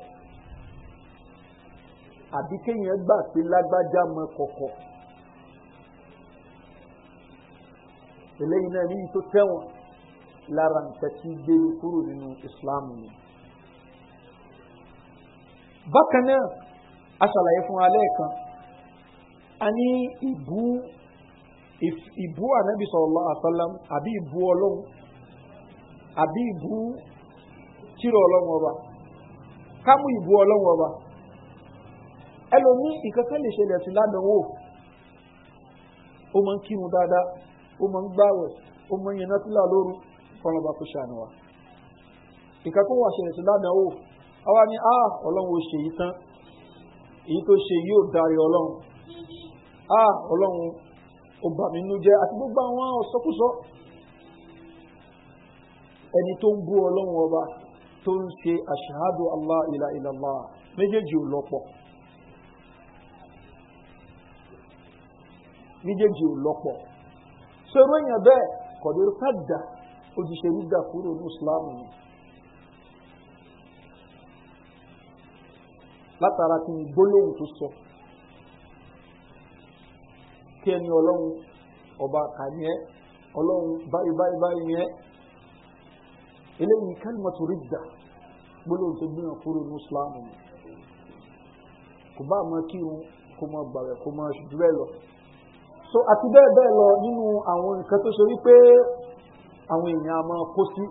àbí kéèyàn gbà pé lágbájá mọ kọ̀kọ̀ eléyìí náà níyì tó tẹ̀wọ̀n lára nǹkan tí gbé kúrò nínú islam ni. bákan náà a ṣàlàyé fún alẹ́ kan a ní ìbú ìbú ànábì sọ̀rọ̀ àtọ́lá àbí ìbú ọlọ́run àbí ìbú tírò ọlọ́wọ́n ọba kámú ìbú ọlọ́wọ́n ọba ẹlòmí ìkankan lè ṣẹlẹ̀ sí ládánwò ó máa ń kírun dáadáa ó máa ń gbáwẹ̀ ó máa ń yẹn nátìlá lóru fọlọ́ba kò ṣàánú wa ìkankan wà ṣẹlẹ̀ sí ládánwò àwa ni a ah, ọlọ́run ò ṣe yìí tán èyí tó ṣe yìí ò darí ọlọ́run a ah, ọlọ́run ò bà mí nú jẹ́ àti gbogbo àwọn ọ̀sọ́kùsọ́ ẹni tó ń bú ọlọ́run ọba tó ń ṣe àṣàádù allah ilà ilà allah méjèèjì ò lọ́pọ̀ méjèèjì ò lọ́pọ̀ ṣerú èèyàn bẹ́ẹ̀ kọ̀dọ̀rú kàdà òjìṣẹ́ rídà kúrò ní islam ni látara kí n gbólóhùn tó sọ kí ẹni ọlọ́run ọba kà ní ẹ ọlọ́run báyìí báyìí báyìí yẹn eléyìí كلمة ردة، gbólóhùn tó gbìyànjú kúrò ní ما كيو bá máa kírun kó so àti bẹ́ẹ̀ bẹ́ẹ̀ lọ nínú àwọn nǹkan tó ṣe wípé àwọn èèyàn a máa kó sí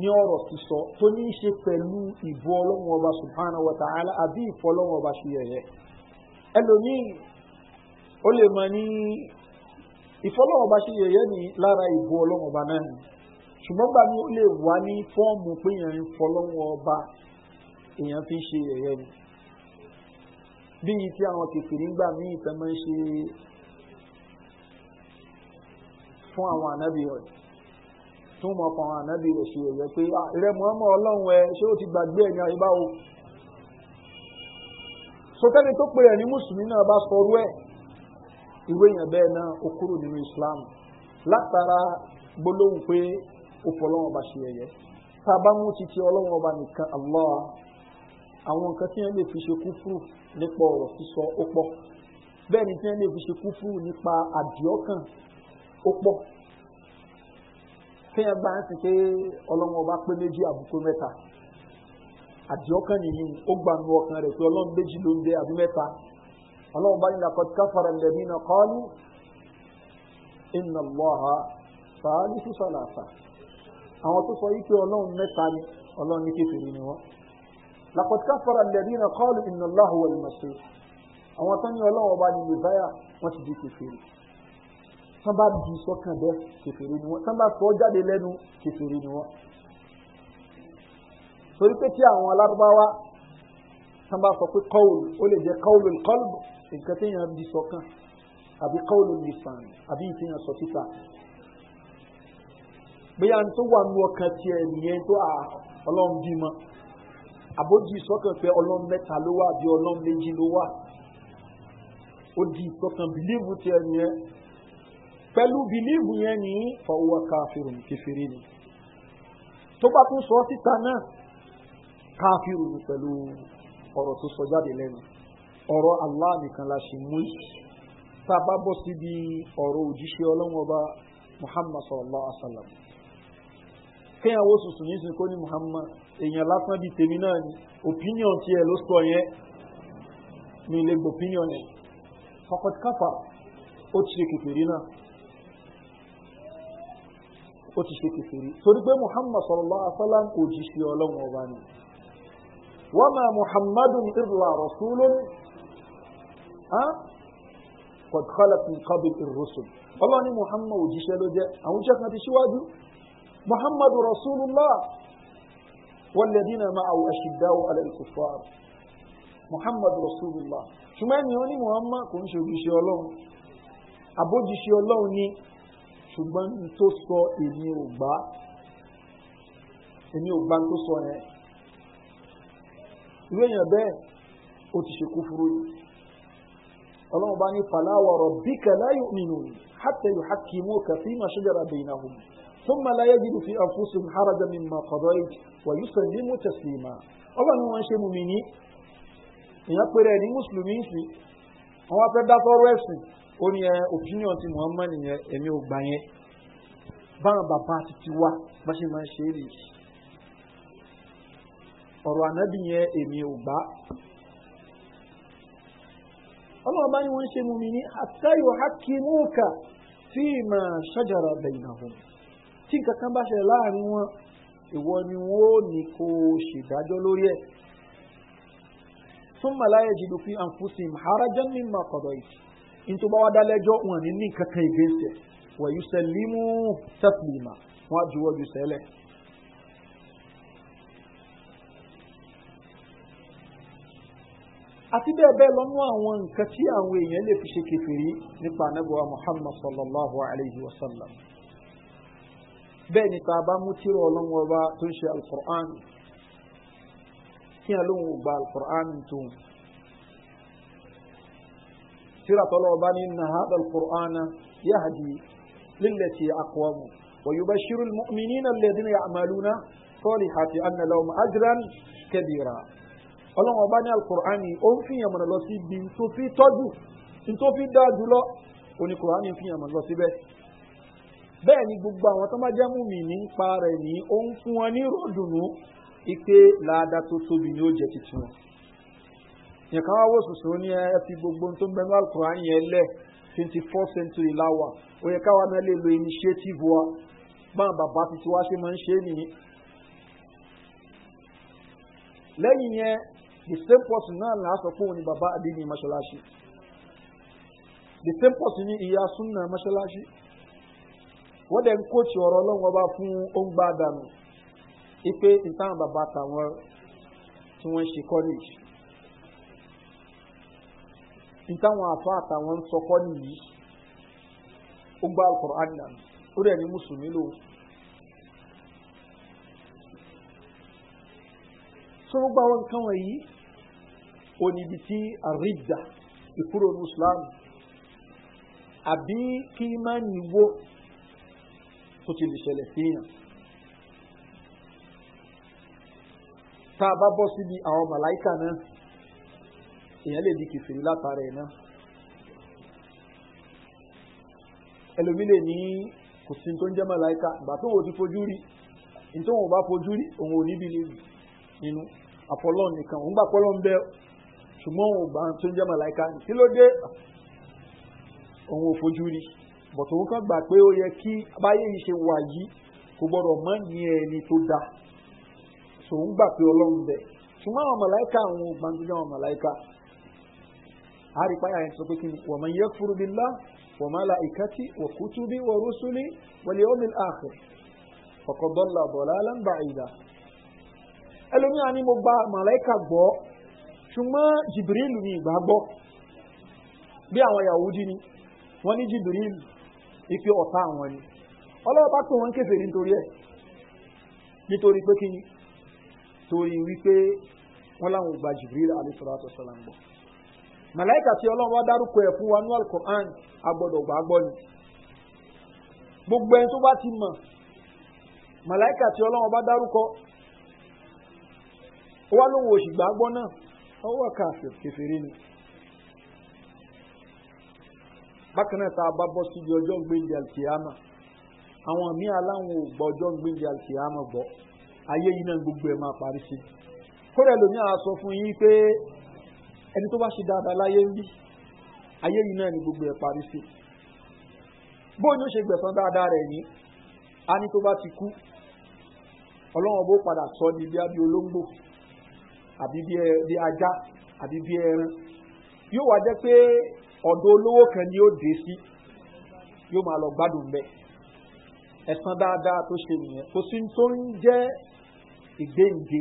ní ọ̀rọ̀ sísọ tó ní í ṣe pẹ̀lú ìbú ọlọ́run ọba subhanahu wa ta'ala àbí ìfọ́ ọlọ́run ọba ṣe ẹlòmíì ó lè mọ ní ìfọ́ ọlọ́run ọba ṣe yẹ̀yẹ́ lára ìbú ọlọ́run ọba náà ṣùgbọ́n gbà mí ó lè wá ní fọ́ọ̀mù pé èèyàn ń fọlọ́wọ́ ọba èèyàn fi ń ṣe ẹ̀yẹ ni bíi tí àwọn kìkìrì ń gbà mí ìtàn máa ń ṣe fún àwọn ànábì rẹ̀ tó mọ fún àwọn ànábì rẹ̀ ṣe ẹ̀yẹ pé rẹ mọ́mọ́ ọlọ́run ẹ ṣé ó ti gbàgbé ẹ̀ ní àyíbáwo sọtẹ́ni tó pè rẹ̀ ní mùsùlùmí náà bá sọrú ẹ̀ ìwé yẹn bẹ́ẹ̀ náà ó kúrò nínú islam látara gbólóhùn pé ó fọ ọlọ́wọ́n ọba ṣe ẹ̀yẹ tá a bá mú titi ọlọ́wọ́n ọba nìkan allah àwọn nǹkan tí wọ́n lè fi ṣe kúfúrú nípa ọ̀rọ̀ sísọ ó pọ̀ bẹ́ẹ̀ ni tí wọ́n lè fi ṣe kúfúrú nípa àdìọ́kàn ó pọ̀ kéèyàn bá ń sìn pé ọlọ́wọ́n ọba pé méjì àbùkù mẹ́ta àdìọ́kàn nìyí ó gbànú ọkàn rẹ̀ pé ọlọ́run méjì ló ń bẹ àbí mẹ́ta ọlọ́run bá ní lakọ́tí káfàrà lẹ́mí náà kọ́ọ́lù ìnàlọ́ha sàálùsù sàlàsà àwọn tó sọ yìí pé ọlọ́run mẹ́ta ni ọlọ́run ní kékeré ni wọ́n. lakọ̀tíkà fara lẹ́rí náà kọ́ọ̀lù iná láhùn wọlé mọ̀ṣẹ́ àwọn tó ní ọlọ́run ọba ní ìbáyà wọ́n ti di kékeré. tán bá di sọ́kàn bẹ́ẹ̀ kékeré ni wọ́n tán bá sọ jáde lẹ́nu kékeré ni wọ́n. torí pé tí àwọn alárúbáwá tán bá sọ pé kọ́ọ̀lù ó lè jẹ́ kọ́ọ̀lù kọ́ọ̀lù nǹkan téèyàn di sọ́kàn àbí kọ́ọ̀lù nìsàn àbí ìfihàn sọ bóyá tó wà nù ọkàn tiẹ̀ nìyẹn tó à ọlọ́run bímọ àbójì sọ́kàn pé ọlọ́run mẹ́ta ló wà bí ọlọ́run méjì ló wà ó di ìsọkàn bìlíìfù tiẹ̀ nìyẹn pẹ̀lú bìlíìfù yẹn ní fọwọ́ káfíìrù kẹfìrí ni tó bá tún sọ síta náà káfíìrù ni pẹ̀lú ọ̀rọ̀ tó sọ jáde lẹ́nu ọ̀rọ̀ allah nìkan la ṣe mú tá a bá bọ́ síbi ọ̀rọ̀ òjíṣẹ́ ọlọ́run ọba muhammad sallallahu alaihi wa sallam kéèyàn wo sùsù nísìnyí kó ní muhammad èèyàn lásán bíi tèmi náà ni opinion tiẹ̀ ló sọ yẹn mi lè gbọ́ opinion yẹn fọkàn káfà ó ti ṣe kékeré náà ó ti ṣe kékeré torí pé muhammad sọlọ́lá asálàm kò jí ṣe ọlọ́run ọba ni wọ́n máa muhammadun irla rasulun kọ̀dùkọ́lá ti kọ́bí irrusul ọlọ́ni muhammad òjíṣẹ́ ló jẹ́ àwọn òjíṣẹ́ kan ti ṣíwájú. محمد رسول الله والذين معه أشداء على الكفار محمد رسول الله ṣùgbọ́n ẹni wọn ní muhammad kò ń ṣe òjíṣẹ́ ọlọ́run àbójíṣẹ́ ọlọ́run ni ṣùgbọ́n n tó sọ èmi ò gbá èmi ò gbá n tó sọ yẹn ìwé èèyàn bẹ́ẹ̀ ó ti ṣe kú fúru yìí ọlọ́run bá ní fàlàwọ̀ rọ̀ bí kẹlẹ́ yóò nínú hàtẹ́yò hàkìmọ́ kẹfì máa ṣẹ́jára bẹ̀yìn náà ثم لا يجد في أنفسهم حرجا مما قضيت ويسلم تسليما ọba ni wọn ṣe mùmíní èèyàn péré ní mùsùlùmí sí àwọn afẹ́ dátọ́rọ ẹ̀sìn ó ní ẹ opinion ti muhammed yẹn èmi ò gbà yẹn báwọn bàbá ti ti wá bá ṣe máa ń ṣe é rèé ọ̀rọ̀ ànábì yẹn èmi ò gbà ọlọ́run bá wọ́n ṣe mùmíní àtẹ́yọ̀ hakimuka fíìmà ṣàjàrà bẹ̀yìn àwọn tí nǹkan kan bá ṣẹlẹ̀ láàrin wọn ìwọ ni wọn ò ní kó o ṣèdájọ́ lórí ẹ̀ fún màláyà jìnnà fi àǹfùsì maharajan ní makọ̀dọ̀ yìí nítorí wọn wá dá lẹ́jọ́ wọn ní ní kankan ìgbésẹ̀ wọ́n yóò ṣe límú tẹ́pìlìmà wọn á juwọ́ ju sẹ́lẹ̀. àti bẹ́ẹ̀ bẹ́ẹ̀ lọ́nú àwọn nǹkan tí àwọn èèyàn lè fi ṣe kékeré nípa anábọ̀ muhammad sallallahu alayhi wa sallam bẹ́ẹ̀ ni tá a bá mú tírò ọlọ́run ọba tó ń ṣe alukur'an kí alóhùn gba alukur'an tó tírà tọ́lọ́ ọba ní nahad alukur'an yahadi lílẹ̀ tí a kọ́ mu ويبشر المؤمنين الذين يعملون صالحات أن لهم أجرا كبيرا ọlọ́run ọba ní alukur'ani ó ń fìyàn mọ̀nà lọ sí ibi tó fi tọ́jú tó fi dáa jùlọ oníkùránì ń fìyàn mọ̀nà lọ síbẹ̀ bẹ́ẹ̀ ni gbogbo àwọn tó bá jẹ́ múmi nípa rẹ̀ ní ó fún wọn ní ròdùnú ipe láàdá tó tóbi ni ó jẹ tuntun yẹn ká wá wò sùsùn ní ẹ fi gbogbo tó ń bẹnu àlùkùrán yẹn lẹ twenty four century láwà ó yẹ káwa náà lè lo initiative wa báwọn bàbá tuntun wá ṣe máa ń ṣe é nìyí lẹ́yìn yẹn the same person náà là á sọ pé òun ni bàbá adé ní mọ́ṣáláṣí the same person ní ìyá súnà mọ́ṣáláṣí wọ́n dẹ̀ ń kóòtù ọ̀rọ̀ ọlọ́wọ́n bá fún óńgbà dànù ipe ìtàn bàbá tàwọn tí wọ́n ń ṣe kọ́ nìyí ìtàwọn àfa àtàwọn ń sọ kọ́ nìyí ó gbá ó dẹ̀ ní mùsùlùmí lò. sọ gbogbo àwọn nǹkan wọ̀nyí oníbi tí àrídà ìkúrò ní islam àbí kí má nìwó tó ti lè ṣẹlẹ̀ fihàn. tá a bá bọ́ síbi àwọn màláìkà náà di kìfìrí látara ẹ̀ náà. ẹlòmí lè ní kò sí tó ń jẹ́ màláìkà ìgbà tó wò ti fojú rí ní tó wọn bá fojú rí òun ò níbi lè nínú àpọ̀lọ́ nìkan òun gbà pọ́lọ́ ń bẹ ṣùgbọ́n òun ò bá tó ń jẹ́ màláìkà kí ló dé òun ò fojú rí bọ̀tò òun kàn gbà pé ó yẹ kí báyé yìí ṣe wà yìí kò gbọ́dọ̀ mọ́ ní ẹni tó da sòun gbà pé ọlọ́run bẹ̀ ṣùgbọ́n àwọn mọ̀láìka àwọn gbàndínlẹ̀ àwọn mọ̀láìka àrípáyà yẹn sọ pé kí ni wọ́n máa yẹ fúru bí ńlá wọ́n máa la ìkàtí wọ́n kútu bí wọ́n rúṣúlì wọ́n lè ọ́nìl ààfẹ́ ọ̀kọ̀ dọ́là bọ̀lá aláǹbà ìdá ẹlòmíràn ni mo gba mọ̀láìka gbọ́ ṣùgbọ́n jìbìrìlù ni ìgbà gbọ́ bí àwọn yahudi ni wọ́n ní jìbìrìlù ipe ọ̀tá àwọn ni ọlọ́wọ́ bá tó wọn kéfè nítorí ẹ̀ nítorí pé kí ni torí wípé wọn làwọn gba jibril alayhisalatu salam gbọ màláìka tí ọlọ́wọ́ bá dárúkọ ẹ̀ fún wa ní alukur'an agbọ́dọ̀ gbà gbọ́ ni gbogbo ẹni tó bá ti mọ̀ màláìka tí ọlọ́wọ́ bá dárúkọ ó wá lóhùn òṣìgbà gbọ́ náà ọwọ́ kàfẹ́ kẹfẹ́ rí ni bákan náà tá a bá bọ́ síbi ọjọ́ gbẹ̀ndì àlùkìyàmà àwọn míì aláwọn ò gbọ́ ọjọ́ gbẹ̀ndì àlùkìyàmà gbọ́ ayé yìí náà gbogbo ẹ̀ máa parí sí i kódà lómi àá sọ fún yín pé ẹni tó bá ṣe dáadáa láyé ń bí ayé yìí náà ni gbogbo ẹ̀ parí sí i bó ni ó ṣe gbẹ̀sán dáadáa rẹ̀ ní a ní tó bá ti kú ọlọ́wọ́n bó padà sọ ní bí abí olóńgbò àbí bí ajá àbí bí ẹran yóò wá jẹ́ pé ọ̀dọ̀ olówó kan ni ó dé sí yóò máa lọ gbádùn bẹ́ẹ̀ ẹ̀sán dáadáa tó ṣe nìyẹn kò sí tó ń jẹ́ ìgbéǹde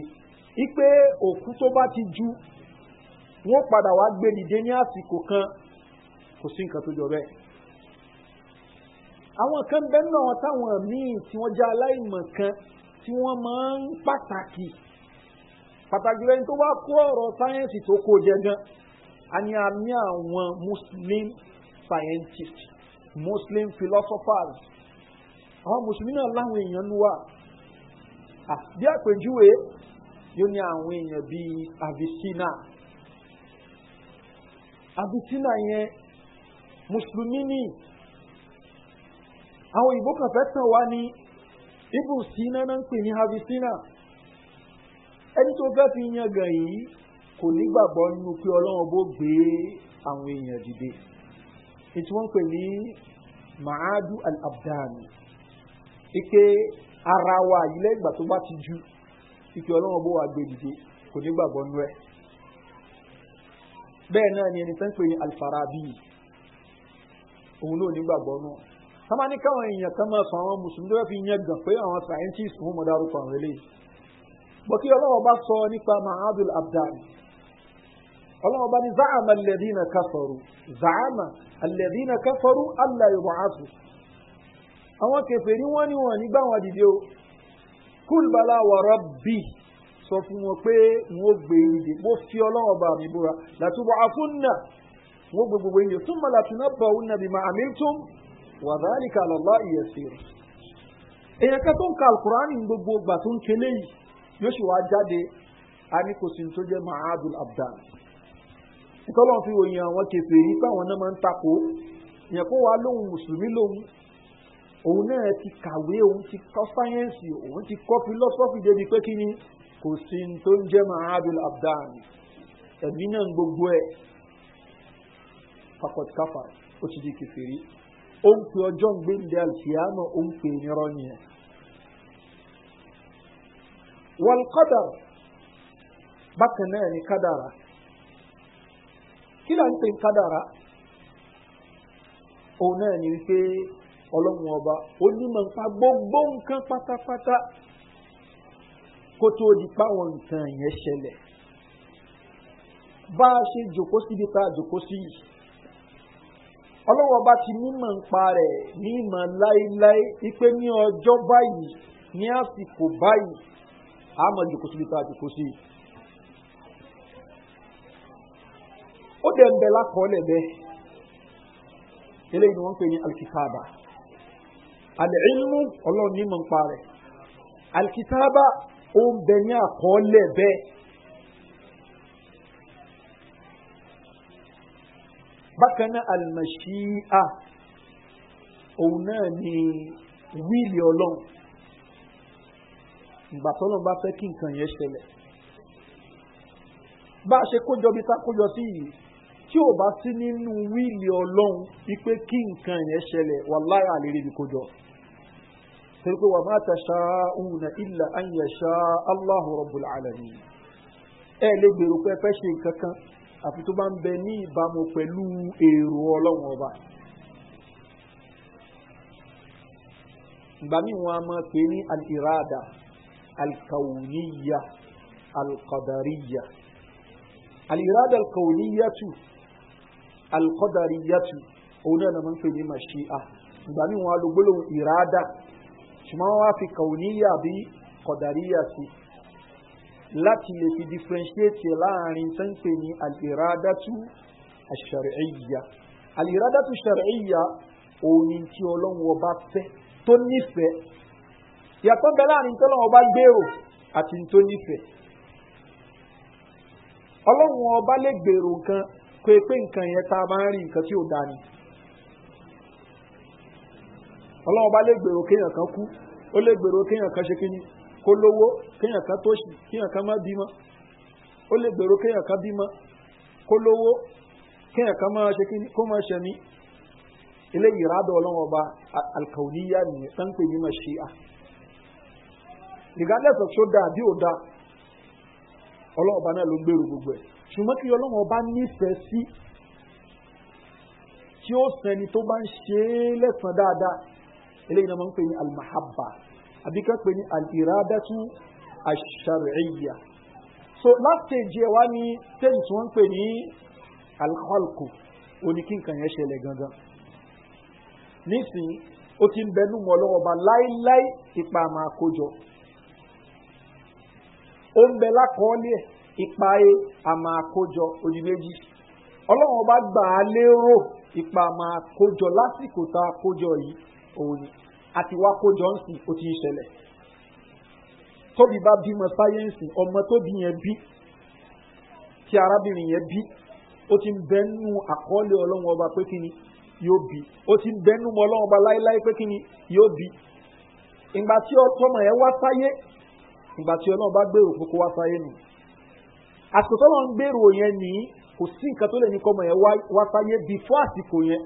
ipe òkú tó bá ti ju wọn padà wá gbé nìdé ní àsìkò kan kò sí nǹkan tó jọ bẹ́ẹ̀ àwọn kan bẹ́ẹ̀ náà táwọn míì tí wọ́n jẹ́ aláìmọ̀ kan tí wọ́n máa ń pàtàkì pàtàkì rẹ̀ tó bá kó ọ̀rọ̀ sáyẹ́ǹsì tó kó jẹ gan a ní a ní àwọn muslim scientists muslim philosophers àwọn mùsùlùmí náà láwọn èèyàn ń wà bí àpèjúwe yóò ní àwọn èèyàn bíi avicenna avicenna yẹn mùsùlùmí ni àwọn òyìnbó kan fẹ́ tàn wá ní ibùsínà náà ń pè ní ẹni tó fẹ́ fi yan gàn yìí. kò nígbàgbọ́ nínú pé ọlọ́run bó gbé àwọn èèyàn dìde ètò wọn pè ní ma'adu al-abdani ike ara wa yìí lẹ́yìn ìgbà tó bá ti ju ike ọlọ́run bó wa gbé dìde kò nígbàgbọ́ nínú ẹ̀ bẹ́ẹ̀ náà ni ẹni tẹ́ ń pè ní alfarabi òun náà nígbàgbọ́ náà sábà ní káwọn èèyàn kan máa sọ àwọn mùsùlùmí tó fi yan gàn pé àwọn scientist fún mọ̀dárúkọ àwọn eléyìí bọ́kí ọlọ́wọ́ bá sọ nípa mahadul abdani ọlọ́run bá ní zaama lẹ́dínà káfọ́rù zaama lẹ́dínà káfọ́rù aláyọ̀bọ̀ àtù àwọn kẹfẹ́rí wọn ni wọn nígbà wọn dìde o kúlbàlà wọ̀rọ̀ bí sọ fún wọn pé n ó gbé e ìdè mo fi ọlọ́run bá mi búra làtúbọ̀ àfúnà n ó gbé gbogbo ìdè súnmọ́ làtúnà bọ̀ òun nàbí ma àmì tún wàdálì kàlọ́lá ìyẹ̀sì rẹ̀ èèyàn kan tó ń ka alukur'ani gbogbo gbà tó ń kele yìí yóò ṣe wá jáde a ní kò sí ní tó jẹ́ mahadum abdul ìtọ́lọ́run fi ròyìn àwọn kẹfẹ́ yìí táwọn náà máa ń takò yẹn kó wa lóhun mùsùlùmí lóhun òun náà ti kàwé òun ti kọ́ sáyẹ́ǹsì òun ti kọ́ fílọ́sọ́fì débi pé kí ni kò sí ní tó ń jẹ́ mahadul abdan ẹ̀mí náà ń gbogbo ẹ̀ fakọtikafa ó ti di kẹfẹ́rí ó ń pe ọjọ́ gbẹ̀ndẹ̀ alfiyama ó ń pe nírọ̀ nìyẹn. wàlùkọ́dà bákan náà ni kádàrà kí là ń pè kádàrá òun náà ni wípé ọlọ́run ọba onímọ̀ nípa gbogbo nǹkan pátápátá kó tó di páwọn nǹkan yẹn ṣẹlẹ̀ bá a ṣe jòkó síbi tá a jòkó sí yìí ọlọ́wọ́ bá ti nímọ̀ nípa rẹ̀ ní ìmọ̀ láéláé wípé ní ọjọ́ báyìí ní àsìkò báyìí àmọ̀ jòkó síbi tá a jòkó sí yìí. ó dẹ̀ ń bẹ lákọọ́lẹ̀ bẹ́ẹ̀ eléyìí ni wọ́n ń pè ní alikitaaba alẹ́ẹ̀lmú ọlọ́run ní mọ̀ ń pa rẹ̀ alikitaaba ó ń bẹ ní àkọọ́lẹ̀ bẹ́ẹ̀. bákan náà alimasiha òun náà ni wíìlì ọlọ́run ìgbà tọ́lọ́run bá fẹ́ kí nǹkan yẹn ṣẹlẹ̀ bá a ṣe kójọ bí sá kójọ sí yìí tí ò bá sí nínú wíìlì ọlọ́run wípé kí nǹkan yẹn ṣẹlẹ̀ wà láyà àlèrè ní kojọ. torí pé wà má ta ṣá òhunà ilà àyè ṣá aláhùn rọ̀bùl àlàyé. ẹ lè gbèrò pé ẹ fẹ́ ṣe nǹkan kan àfi tó bá ń bẹ ní ìbámu pẹ̀lú èrò ọlọ́run ọba. ìgbà míì wọn a máa pè ní alìràdà alkawuniya alkadariya alìràdà alkawuniya tù alqadariyatu òun náà máa ń pè ní màṣíà ìgbà míì wọn alógbólóhùn ìràádà ṣùgbọ́n wọn á fi kàwọ́níyà bí kọ̀dàríyà sí láti lè fi differentiate láàrin tó ń pè ní alìrádàtú àṣàrẹ̀ẹ́yà alìrádàtú àṣàrẹ̀ẹ́yà òní tí ọlọ́run ọba fẹ́ tó nífẹ̀ẹ́ yàtọ̀ bẹ láàrin tó ọlọ́run ọba gbèrò àti tó nífẹ̀ẹ́ ọlọ́run ọba lè gbèrò nǹkan pé pé nǹkan yẹn tá a máa ń rí nǹkan tí ò da ni ọlọ́wọ́n bá lè gbèrò kéèyàn kan kú ó lè gbèrò kéèyàn kan ṣe kíni kó lówó kéèyàn kan tó ṣì kéèyàn kan má bímọ ó lè gbèrò kéèyàn kan bímọ kó lówó kéèyàn kan má ṣe kíni kó má ṣẹmí eléyìí rádọ ọlọ́wọ́n ọba alkauniya nìyẹn tán pè ní ma ṣe à regardless of dáa bí ò dáa ọlọ́ọ̀ba náà ló ń gbèrò gbogbo ẹ̀ ṣùgbọ́n kí ọlọ́run ọba nífẹ̀ẹ́ sí tí ó sẹni tó bá ń ṣe é lẹ́sàn dáadáa eléyìí náà máa ń pè ní almahaba àbí ká pè ní aliradatu ashar'iyya so last stage wá ní stage tí wọ́n ń pè ní alkhalku oníkíǹkan yẹn ṣẹlẹ̀ gangan nísìnyí ó ti ń bẹnu mọ́ ọlọ́wọ́ ọba láéláé ipa máa kó jọ ó ń bẹ lákọọ́lẹ̀ ipa e a máa kójọ odi méjì ọlọ́run bá gbà á lérò ipa máa kójọ lásìkò tá a kójọ yìí òun ni àti wá kójọ ń sìn ó ti ń ṣẹlẹ̀ tóbi bá bímọ sáyẹ́ǹsì ọmọ tóbi yẹn bí tí arábìnrin yẹn bí ó ti ń bẹ́nu àkọọ́lẹ̀ ọlọ́run ọba pé kí ni yóò bí ó ti ń bẹ́nu ọlọ́run ọba láéláé pé kí ni yóò bí ìgbà tí ọtọmọ yẹn wá sáyé ìgbà tí ọlọ́run bá gbèrò pé kó wá sáyé nù àsìkò tọ́lọ́ ń gbèrò yẹn ní kò sí nǹkan tó lè ní kọ́mọ yẹn wá sáyé bífọ́ àsìkò yẹn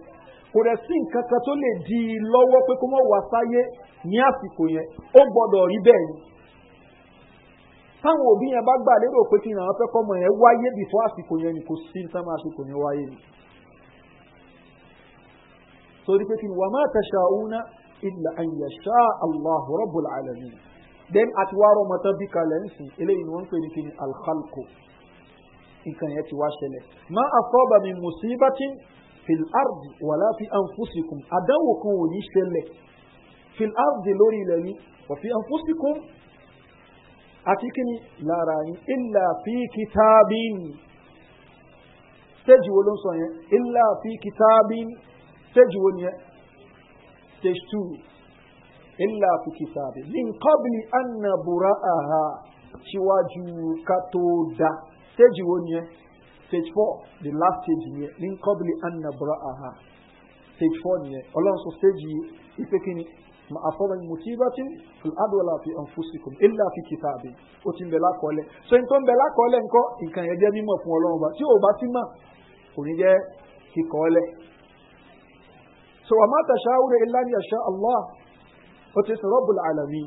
kò dẹ̀ sí nǹkan kan tó lè di lọ́wọ́ pé kó mọ̀ wá sáyé ní àsìkò yẹn ó gbọ́dọ̀ rí bẹ́ẹ̀ ni táwọn òbí yẹn bá gbà lérò pé kí ni àwọn fẹ́ kọ́mọ yẹn wáyé bífọ́ àsìkò yẹn ni kò sí nǹkan máa àsìkò yẹn wáyé ni torí pé kí ni wàá má tẹ̀sà òun ná ilà àyẹ̀ṣà allah rọ́bùl àlàmì then àti wá rọ mọ́tọ́ bí kalẹ̀ nísìn eléyìí ni wọ́n ń pè ní kíni alhalko nǹkan yẹn ti wá ṣẹlẹ̀ má àfọ́bà mi mùsíbàtì fil ardi wàlá fi anfusikum àdánwò kan ò ní ṣẹlẹ̀ fil ardi lórí ilẹ̀ yìí wà fi anfusikum àti kíni lára yín ilà fi kìtàbín stage wo ló ń sọ yẹn ilà fi kìtàbín stage wo ni yẹn stage two illa fi kitabi min qabli an nabra'aha síwájú ká tó da stage wo ni stage four the last stage ni yẹn min qabli an nabra'aha stage four ni yẹn ọlọ́run sọ stage yìí ipe kini ma afọ́bẹ̀ mutibatin fil adwala fi anfusikum illa fi kitabi o ti ń bẹ lákọọ́lẹ̀ so nǹkan ń bẹ lákọọ́lẹ̀ nǹkan nǹkan yẹn jẹ́ mímọ̀ fún ọlọ́run ọba tí o bá ti mọ̀ kò ní jẹ́ kíkọ́ọ́lẹ̀ so wa ma tashawuna illa ni yasha Allah ó ti sọ̀rọ̀ bùlà àlàmì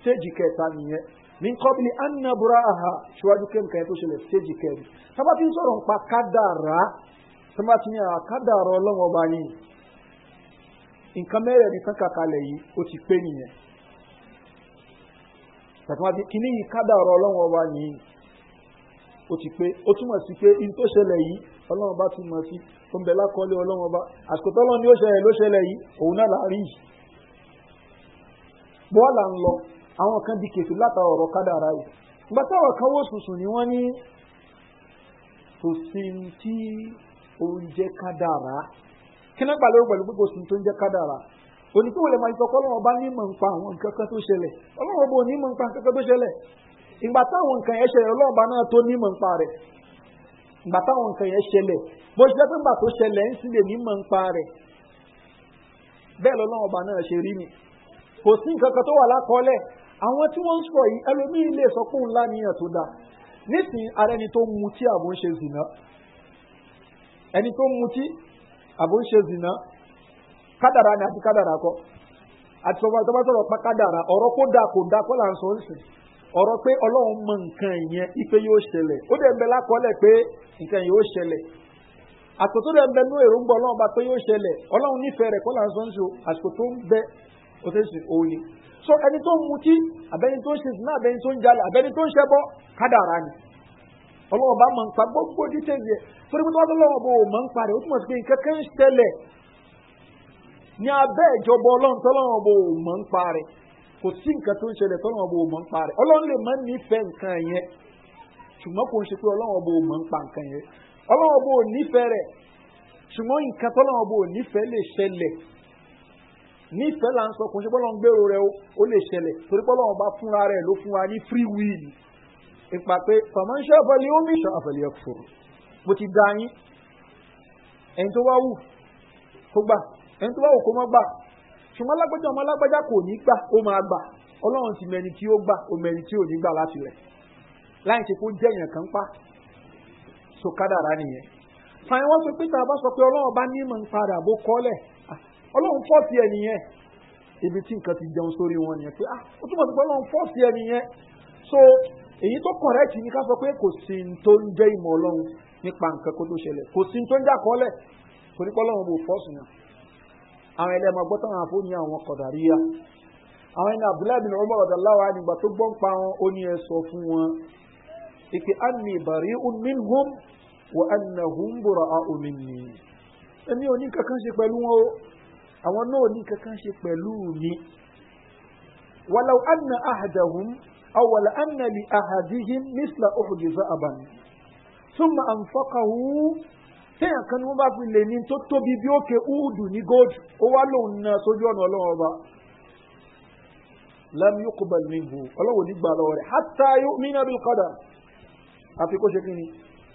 stéèjì kẹta nìyẹn ní kọ́bìlì anabura aha ṣíwájú kẹ́mìkan tó ṣẹlẹ̀ stéèjì kẹrin sábà tí ń sọ̀rọ̀ ń pa kádàrá sábà tí ń yà kádàrá ọlọ́wọ́ ọba yìí nǹkan mẹ́rẹ̀ẹ̀rin tán kàkalẹ̀ yìí ó ti pé nìyẹn tàbí kíní yìí kádàrá ọlọ́wọ́ ọba yìí ó ti pé ó túmọ̀ sí pé in tó ṣẹlẹ̀ yìí ọlọ́wọ́ ọba ti sí ó ń bẹ lákọ́lé ọlọ́wọ́ ọba àsìkò tọ́lọ́ ni ó ṣẹlẹ̀ ló ṣẹlẹ̀ yìí òun náà láàrin yìí bọ́ọ̀lù à ń lọ àwọn kan di kèfì látara ọ̀rọ̀ kádàrá yìí ìgbà táwọn kan wò sùsùn ni wọ́n ní kò sí tí oúnjẹ kádàrá kí náà gbàlẹ́ pẹ̀lú pé kò sí tó ń jẹ́ kádàrá òní tí wọ́n lè máa sọ pé ọlọ́run ọba ní mọ̀ nípa àwọn nǹkan tó ṣẹlẹ̀ ọlọ́run ọba ní mọ̀ nípa nǹkan kan tó ṣẹlẹ̀ ìgbà táwọn nǹkan yẹn ṣẹlẹ̀ ọlọ́run ọba náà tó ní mọ̀ nípa rẹ̀ ìgbà táwọn nǹkan yẹn ṣẹlẹ̀ bó ṣe jẹ́ pé ìgbà tó ṣẹlẹ̀ ń sì ní mọ̀ nípa rẹ̀ bẹ́ẹ̀ lọ́lọ́run ọba náà ṣe rí mi kò sí nǹkan kan tó wà lákọọ́lẹ̀ àwọn tí wọ́n ń sọ yìí ẹlòmíín lè sọ pé òun láníyàn tó dáa nísìn ara ẹni tó ń mutí àbò ń ṣe zìnà ẹni tó ń mutí àbò ń ṣe zìnà kádàrà ni àti kádàrà kọ àti sọfọ àti sọfọ pa kádàrà ọ̀rọ̀ kó dáa kò dáa kọ́ là ń sọ ń sìn pé ọlọ́run mọ nǹkan ìyẹn ipe yóò ṣẹlẹ̀ ó dẹ̀ bẹ lákọọ́lẹ̀ pé nǹkan yóò ṣẹlẹ̀ àtòtò dẹ̀ bẹ nú èròǹgbà ọlọ́run bá pé yóò ṣẹlẹ̀ ọlọ́run nífẹ̀ẹ́ rẹ̀ kọ́ là ń sọ ń sọ ń bẹ ó tẹ́ sùn òun so ẹni tó ń mutí abẹ́ni tó ń ṣe sinmi abẹ́ni tó ń jalè abẹ́ni tó ń ṣẹbọ kádàrá ni ọlọ́wọ́ bá mọ̀ nípa gbogbo dítẹ́sì ẹ̀ torí pé wọ́n lọ́wọ́ bò mọ̀ nípa rẹ̀ ó túmọ̀ sí pé kẹ́kẹ́ ń ṣẹlẹ̀ ní abẹ́ ìjọba ọlọ́run tọ́lọ́wọ́ bò mọ̀ nípa rẹ̀ kò sí nǹkan tó ń ṣẹlẹ̀ tọ́lọ́wọ́ bò mọ̀ nípa rẹ̀ ọlọ́run lè má nífẹ̀ẹ́ nǹkan yẹn ṣùgbọ́n kò ń nífẹ̀ẹ́ là ń sọ kò ń ṣe bọ́lọ̀ ń gbèrò rẹ o ó lè ṣẹlẹ̀ torí bọ́lọ̀ ọba fúnra rẹ ló fún wa ní free will ipa pé fàmánṣẹ́ àfẹ́lẹ́ omi ṣe àfẹ́lẹ́ ọ̀fọ̀rọ̀ mo ti da yín ẹni tó wá wù kó gbà ẹni tó wá wù kó mọ́ gbà ṣùgbọ́n alágbájá ọmọ alágbájá kò ní gbà ó máa gbà ọlọ́run ti mẹni tí ó gbà ó mẹni tí ò ní gbà láti rẹ̀ láì ṣe kó jẹ́ èèyàn kan pa so kádàrá nìyẹn fàyẹn wọ́n sọ pé ọlọ́run bá ní mọ̀ ń padà bó kọ́lẹ̀ ọlọ́run fọ́ọ̀sì ẹni yẹn ibi tí nǹkan ti jẹun sórí wọn nìyẹn pé ah ó túmọ̀ sí pé ọlọ́run fọ́ọ̀sì ẹni yẹn so èyí tó correct ni ká sọ pé kò sí ní tó ń jẹ́ ìmọ̀ ọlọ́run nípa nǹkan kó tó ṣẹlẹ̀ kò sí ní tó ń jà kọ́lẹ̀ torí pé ọlọ́run bò fọ́ọ̀sì yẹn àwọn ẹlẹ́ máa gbọ́ táwọn àfóònù àwọn kọ̀dàríyà àwọn ẹni abdullahi bin umar ọ̀dàláwà nígbà tó gbọ́n pa wọn ó ní ẹ sọ fún wọn ìpè àmì ìbàrí min hum wà ànà hum bùrọ̀ àòmìnì ẹni òní kankan ṣe pẹ̀lú wọn o àwọn náà ní kankan ṣe pẹ̀lú mi wàláwù anna ahadahum awàlà anna li ahadihim misla ohùdìfẹ́ abàmì súnmọ́ ànfọ́kàwù téèyàn kan ní wọ́n bá fi lè ní tó tóbi bí òkè úùdù ní gold ó wá lòun náà sójú ọ̀nà ọlọ́run ọba lami yóò kóbal mi hù ọlọ́wọ́ nígbà lọ́wọ́ rẹ̀ hátà yóò mí náà bí kọ́dà àfi ṣe kí ni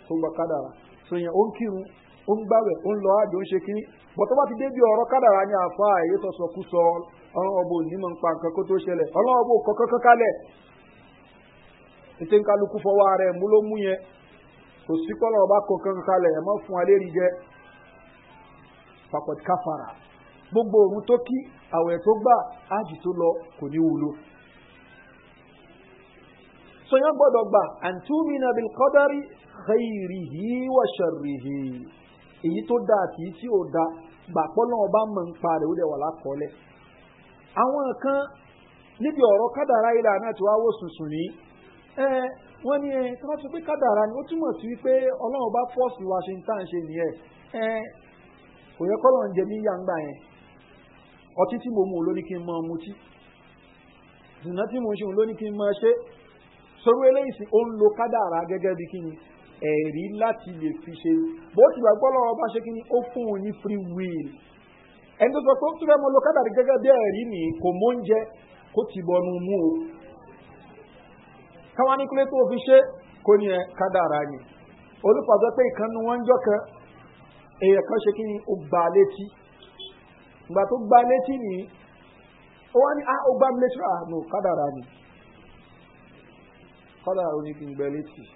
tó gba kádàrà sèyàn ó ń kírun ó ń gbàwẹ̀ ó ń lọ àjò ń ṣe kí bọ̀tọ́ bá ti débi ọ̀rọ̀ kádàrá ní àfa àyè sọ̀sọ̀ kú sọ ọlọ́run ọbọ̀ onímọ̀ ń pa nǹkan kó tó ṣẹlẹ̀ ọlọ́run ọbọ̀ kọ̀ọ̀kan kankalẹ̀ ètè ń fọwọ́ rẹ̀ mú ló mú yẹn kò sí kọ́lọ̀ ọba kọ̀ọ̀kan kankalẹ̀ ẹ̀ mọ́ fún alẹ́ rí jẹ́ papọ̀ káfàrà gbogbo òun tó kí àwẹ̀ tó gbà ájì tó lọ kò ní wúlò sọyán gbọ́dọ̀ gbà àǹtúmínà bíi kọ́dárì xeyìrìhì wàṣàrìhì èyí tó da àti èyí tí ò da gbàpọ́ náà bá mọ̀ nípa rẹ̀ ó dẹ̀ wà lákọọ́lẹ̀. àwọn kan níbi ọ̀rọ̀ kádàrá ilẹ̀ àná tí wàá wò sùnsùn ní ẹ wọ́n ní ẹ wọ́n ti pé kádàrá ni ó túmọ̀ sí wípé ọlọ́run bá fọ́ọ̀sì wa ṣe ń tà ń ṣe nìyẹn ẹ kò yẹ kọ́lọ̀ ń jẹ mí yàǹgbà yẹn ọtí tí mo mú un lóní kí n mọ ọmú tí dùnà tí mo ń ṣe òun lóní kí n mọ ṣe sọrọ eléyìí sí ó ń lo kádàrá gẹ́gẹ́ bí kí ni ẹ̀rí láti lè fi ṣe bó ti gbàgbọ́ lọ́wọ́ bá ṣe kí ni ó fún un ní free will ẹni tó sọ pé ó tún fẹ́ mọ gẹ́gẹ́ bí ẹ̀rí ni kò mọ oúnjẹ kó ti bọnu mú o káwọn ní tó fi ṣe kó ní ẹ ni olùpàdé pé ìkànnì wọn ń jọ kan èèyàn kan ṣe kí ni ó gbà létí ìgbà tó gbà ni ó wá ní ah, ó gbà létí ah,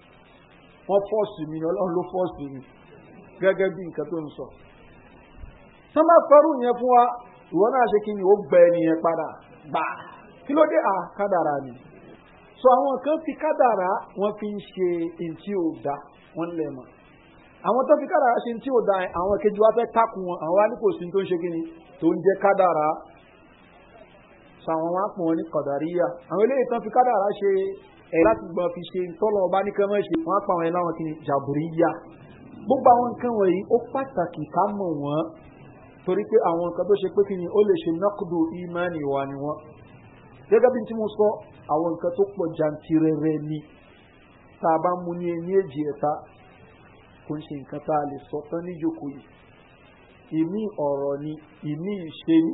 wọ́n fọ́ọ̀sì mi ọlọ́run ló fọ́ọ̀sì mi gẹ́gẹ́ bí nǹkan tó ń sọ. sọ ma fẹ́rù yẹn fún wa ìwọ náà ṣe kí ni ó gbẹ ẹnìyẹn padà gbà kí ló dé à kádàrà ni. sọ àwọn kan fi kádàrà wọn fi ń ṣe ntí ò da wọn lè mọ. àwọn tó fi kádàrà ṣe ntí ò da àwọn kejì wa fẹ́ takùn wọn àwọn aníkòsí tó ń ṣe kí ni tó ń jẹ́ kádàrà sọ àwọn wọn á pọ̀ wọn ní kọ̀dàríyà àwọn eléyìí tán fi kádàrà ṣe ẹ̀ láti gbọ́n fi ṣe tọ́lọ̀ ọba ní kẹ́mọ́ ṣe wọ́n á pa àwọn ẹ̀ láwọn kìíní jàbùrí yá gbogbo àwọn nǹkan wọ̀nyí ó pàtàkì ká mọ̀ wọ́n torí pé àwọn nǹkan tó ṣe pé kí ni ó lè ṣe nákùdù ìmánì wa ni wọ́n gẹ́gẹ́ bí tí mo sọ àwọn nǹkan tó pọ̀ jantirẹrẹ ni tá a bá mú ní ẹni èjì ẹ̀ta kò ń ṣe nǹkan tá a lè sọ tán níjókòó yìí ìmí ọ̀rọ̀ ni ìmí ìṣe ni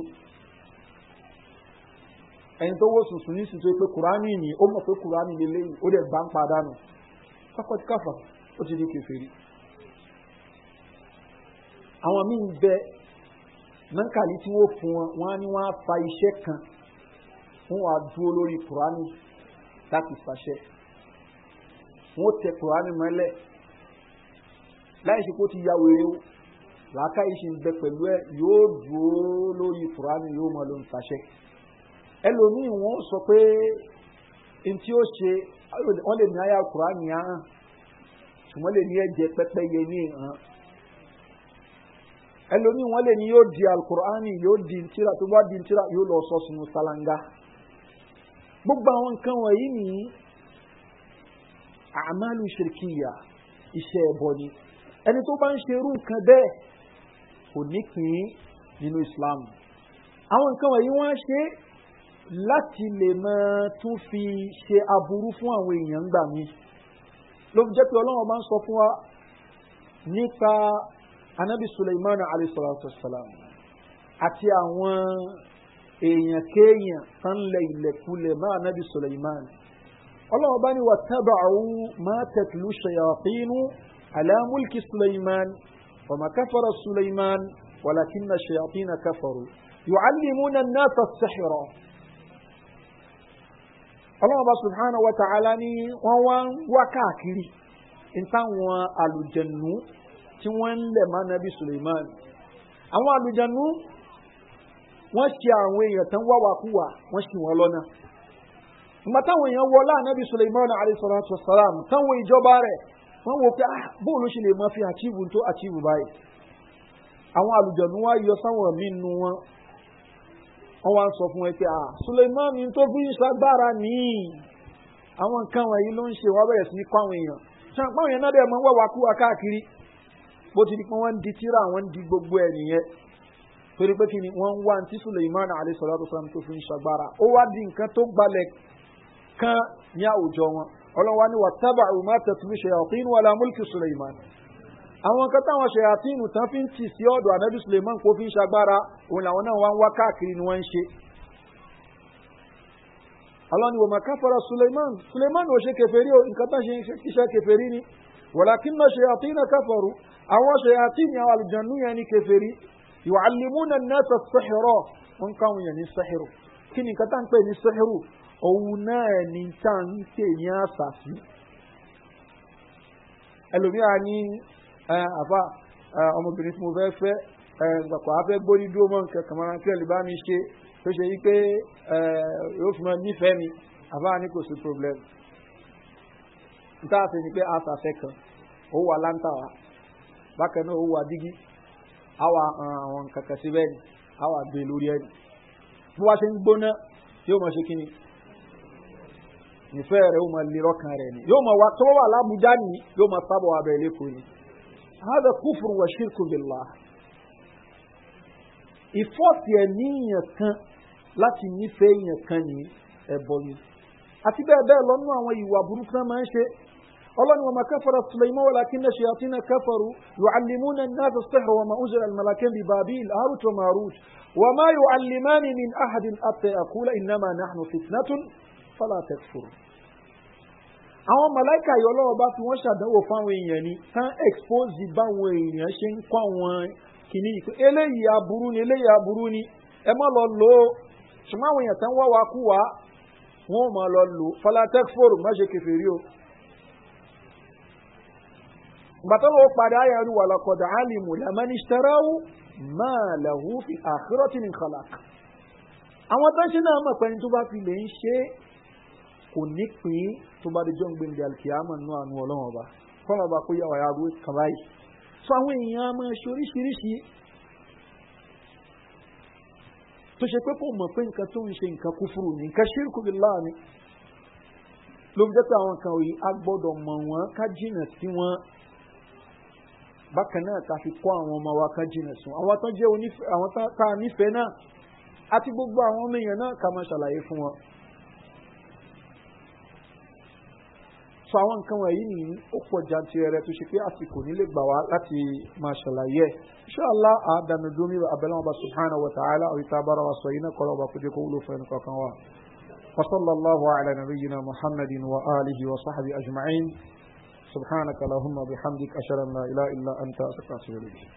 ẹni tó wó sùsùn ní sísè pé kùránì ni ó mọ̀ pé kùránì lè léyìn ó dẹ̀ gbá ń padà nù kápẹ́tíkàfà ó ti di kẹfẹ́rí. àwọn míì bẹ nankali tí wọ́n fún wọn wọn á ní wọn á fa iṣẹ́ kan wọn wàá dúró lórí kùránì láti fàṣẹ wọn ó tẹ kùránì mọ́lẹ̀ láì ṣe kó ti ya wèrè o làákàyè ṣe ń bẹ pẹ̀lú ẹ yóò dúró lórí kùránì yóò mọ̀ ló ń fàṣẹ ẹlòmíì wọn sọ pé ntí ó ṣe wọn lè ní ayé àkùrá nìyàn ṣùgbọ́n lè ní ẹ̀jẹ̀ pẹ́pẹ́yẹ ní ìhàn ẹlòmíì wọn lè ní yóò di alukur'ani yóò di ntira tó bá di ntira yóò lọ sọ sunu salanga gbogbo àwọn nǹkan wọ̀nyí ni àmàlù ṣèkìyà iṣẹ́ ẹ̀bọ ni ẹni tó bá ń ṣe irú nǹkan bẹ́ẹ̀ kò nípìn nínú islam àwọn nǹkan wọ̀nyí wọ́n á ṣe láti lè máa tún fi ṣe aburú fún àwọn èèyàn ń gbà mí ló fi jẹ́ pé ọlọ́run bá ń sọ fún wa nípa anabi suleiman alayhisalaam àti àwọn èèyàn kéèyàn tán lẹ ilẹ̀kulẹ̀ mọ anabi suleiman ọlọ́run bá ní wà tẹbà àwọn máa tẹ̀tìlú ṣèyàpínú alámúlkì suleiman ọmọ káfọrọ suleiman wàlákínà ṣèyàpínà káfọrọ yóò alìmúnà náà tó tàṣẹ̀ṣẹ̀rọ̀. ọlọ́mọba subhana wa ta'ala ni wọ́n wá ń wá káàkiri ntáwọn àlùjẹ̀nu tí wọ́n ń lẹ̀ máa nabi suleiman àwọn àlùjẹ̀nu wọ́n ṣe àwọn èèyàn tán wá wàkúwà wọ́n ṣì wọ́n lọ́nà ìgbà táwọn èèyàn wọ láàánábì suleiman alayhisalatu wasalam táwọn ìjọba rẹ̀ wọ́n wò pé ah, bóun ló ṣe lè máa fi àtìwù tó àtìwù báyìí àwọn àlùjẹ̀nu wá yọ sáwọn mí nu wọn wọ́n wá ń sọ fún ẹ pé ah suleiman tó fi ń ṣagbára nìyí àwọn nǹkan wọ̀nyí ló ń ṣe wọ́n bẹ̀rẹ̀ sí ní kọ́ àwọn èèyàn ṣan pọ́n yẹn náà dẹ̀ mọ́ wẹ̀wà kú wa káàkiri bó ti di pé wọ́n ń di tíra wọ́n ń di gbogbo ẹ̀ nìyẹn torí pé kí ni wọ́n ń wá ní suleiman alayisalaatu salam tó fi ń ṣagbára ó wá di nǹkan tó gbalẹ̀ kan ní àwùjọ wọn ọlọ́wà ni wà tábà àwọn kan táwọn ṣèyàtìnù tán fi ń tì sí ọ̀dọ̀ ànábì suleiman kó fi ń ṣagbára òun làwọn náà wá ń wá káàkiri ni wọ́n ń ṣe alọ́ni wọ̀mọ̀ káfọ́ra suleiman suleiman ò ṣe kẹfẹ́rí o nǹkan tán ṣe iṣẹ́ kẹfẹ́rí ni wàlákín náà ṣèyàtìnù káfọ́rù àwọn ṣèyàtìnù àwọn àlùjànnú yẹn ni kẹfẹ́rí ìwà àlìmúnà náà sọ sẹ́hìrọ̀ wọn káwọn yẹn ní àfa ọmọbìnrin tí mo fẹ́ fẹ́ pàpà fẹ́ gbórí dúró mọ́ nǹkan kàmáràn tí ẹ̀lì bá mi ṣe tó ṣe yí pé yóò fi mọ́ nífẹ̀ẹ́ mi àfa ní kò sí problem níta àti ni pé àtàfẹ́ kan ó wà láńtà wa bákan náà ó wà dígí àwa àwọn kankan síbẹ̀ ni àwa gbé lórí ẹni bí wàá ṣe ń gbóná yóò mọ̀ ṣe kí ni ìfẹ́ rẹ̀ ó mọ̀ lérọ́kàn rẹ̀ ni yóò mọ̀ wá tó wà lábújá nìyí yóò mọ̀ sábọ̀ abẹ́ lẹ́kọ̀ọ́ yìí. هذا كفر وشرك بالله ìfọ́ọ̀tì ẹ̀mí èèyàn kan láti nífẹ̀ẹ́ èèyàn kan ní ẹ̀bọ ni àti bẹ́ẹ̀ bẹ́ẹ̀ lọ́nú àwọn ìwà burúkú náà máa ń ṣe ọlọ́ni wọn máa kẹfọ́rọ̀ sùlẹ̀mọ́ wọn láti ní ṣe àti ní kẹfọ́rọ̀ yóò alimu náà ní láti sẹ́hìn wọn máa ń ṣẹlẹ̀ mọ̀lákẹ́ bíi babil haruto marut wọn máa yóò alimani ní ahadin àtẹ àkúlẹ̀ ìnáma náà fitnatun fọlá tẹ̀sùrù. àwọn mọ̀láìkà yìí ọlọ́wọ́ bá fi wọ́n ṣàdánwò fáwọn èèyàn ni tán expose báwọn èèyàn ṣe ń kọ́ àwọn kìíní yìí pé eléyìí aburú ni eléyìí aburú ni ẹ má lọ lò ó ṣùgbọ́n àwọn èèyàn tán wá wa kú wá wọn ò má lọ lò ó falatech forum má ṣe kẹfẹ́ rí o. bàtà ló padà ayé ẹrú wà lọkọ̀dà alimu lamani máa làwù fi àkírọ́tì nìkan làkà. àwọn tó ń ṣe náà mọ̀ pẹ́ni tó bá fi lè ń ṣe é kò ní pín tó bá dé jọ́ǹgbìn di alkiyama nínú àánú ọlọ́run ọba kọ́nà ọba kó yà wáyà arúgbó kan báyìí so àwọn èèyàn máa ṣe oríṣiríṣi tó ṣe pé kò mọ̀ pé nǹkan tó ń ṣe nǹkan kúfúrú ní nǹkan ṣírkù bíláà ni ló fi jẹ́ pé àwọn kan yìí a mọ̀ wọ́n ká jìnà sí wọn bákan náà ká fi kọ́ àwọn ọmọ wa ká jìnà sí wọn àwọn tá a nífẹ̀ẹ́ náà àti gbogbo àwọn ọmọ èèyàn náà ká máa ṣàlàyé fún wọn. so àwọn nǹkan wọ̀nyí ni ó pọ̀ jantirẹrẹ tó ṣe pé àsìkò nílé gbà wá láti máa ṣàlàyé ṣọlá àdánudómi abẹ́lẹ́ wọn bá subhanahu wa ta'ala òyìnbá bára wa sọ iná kọ́lọ́ ọba kúndé kó wúlò fún ẹnì kọ̀ọ̀kan wa. وصلى الله على نبينا محمد وآله وصحبه أجمعين سبحانك اللهم وبحمدك أشهد أن لا إله إلا أنت أستغفرك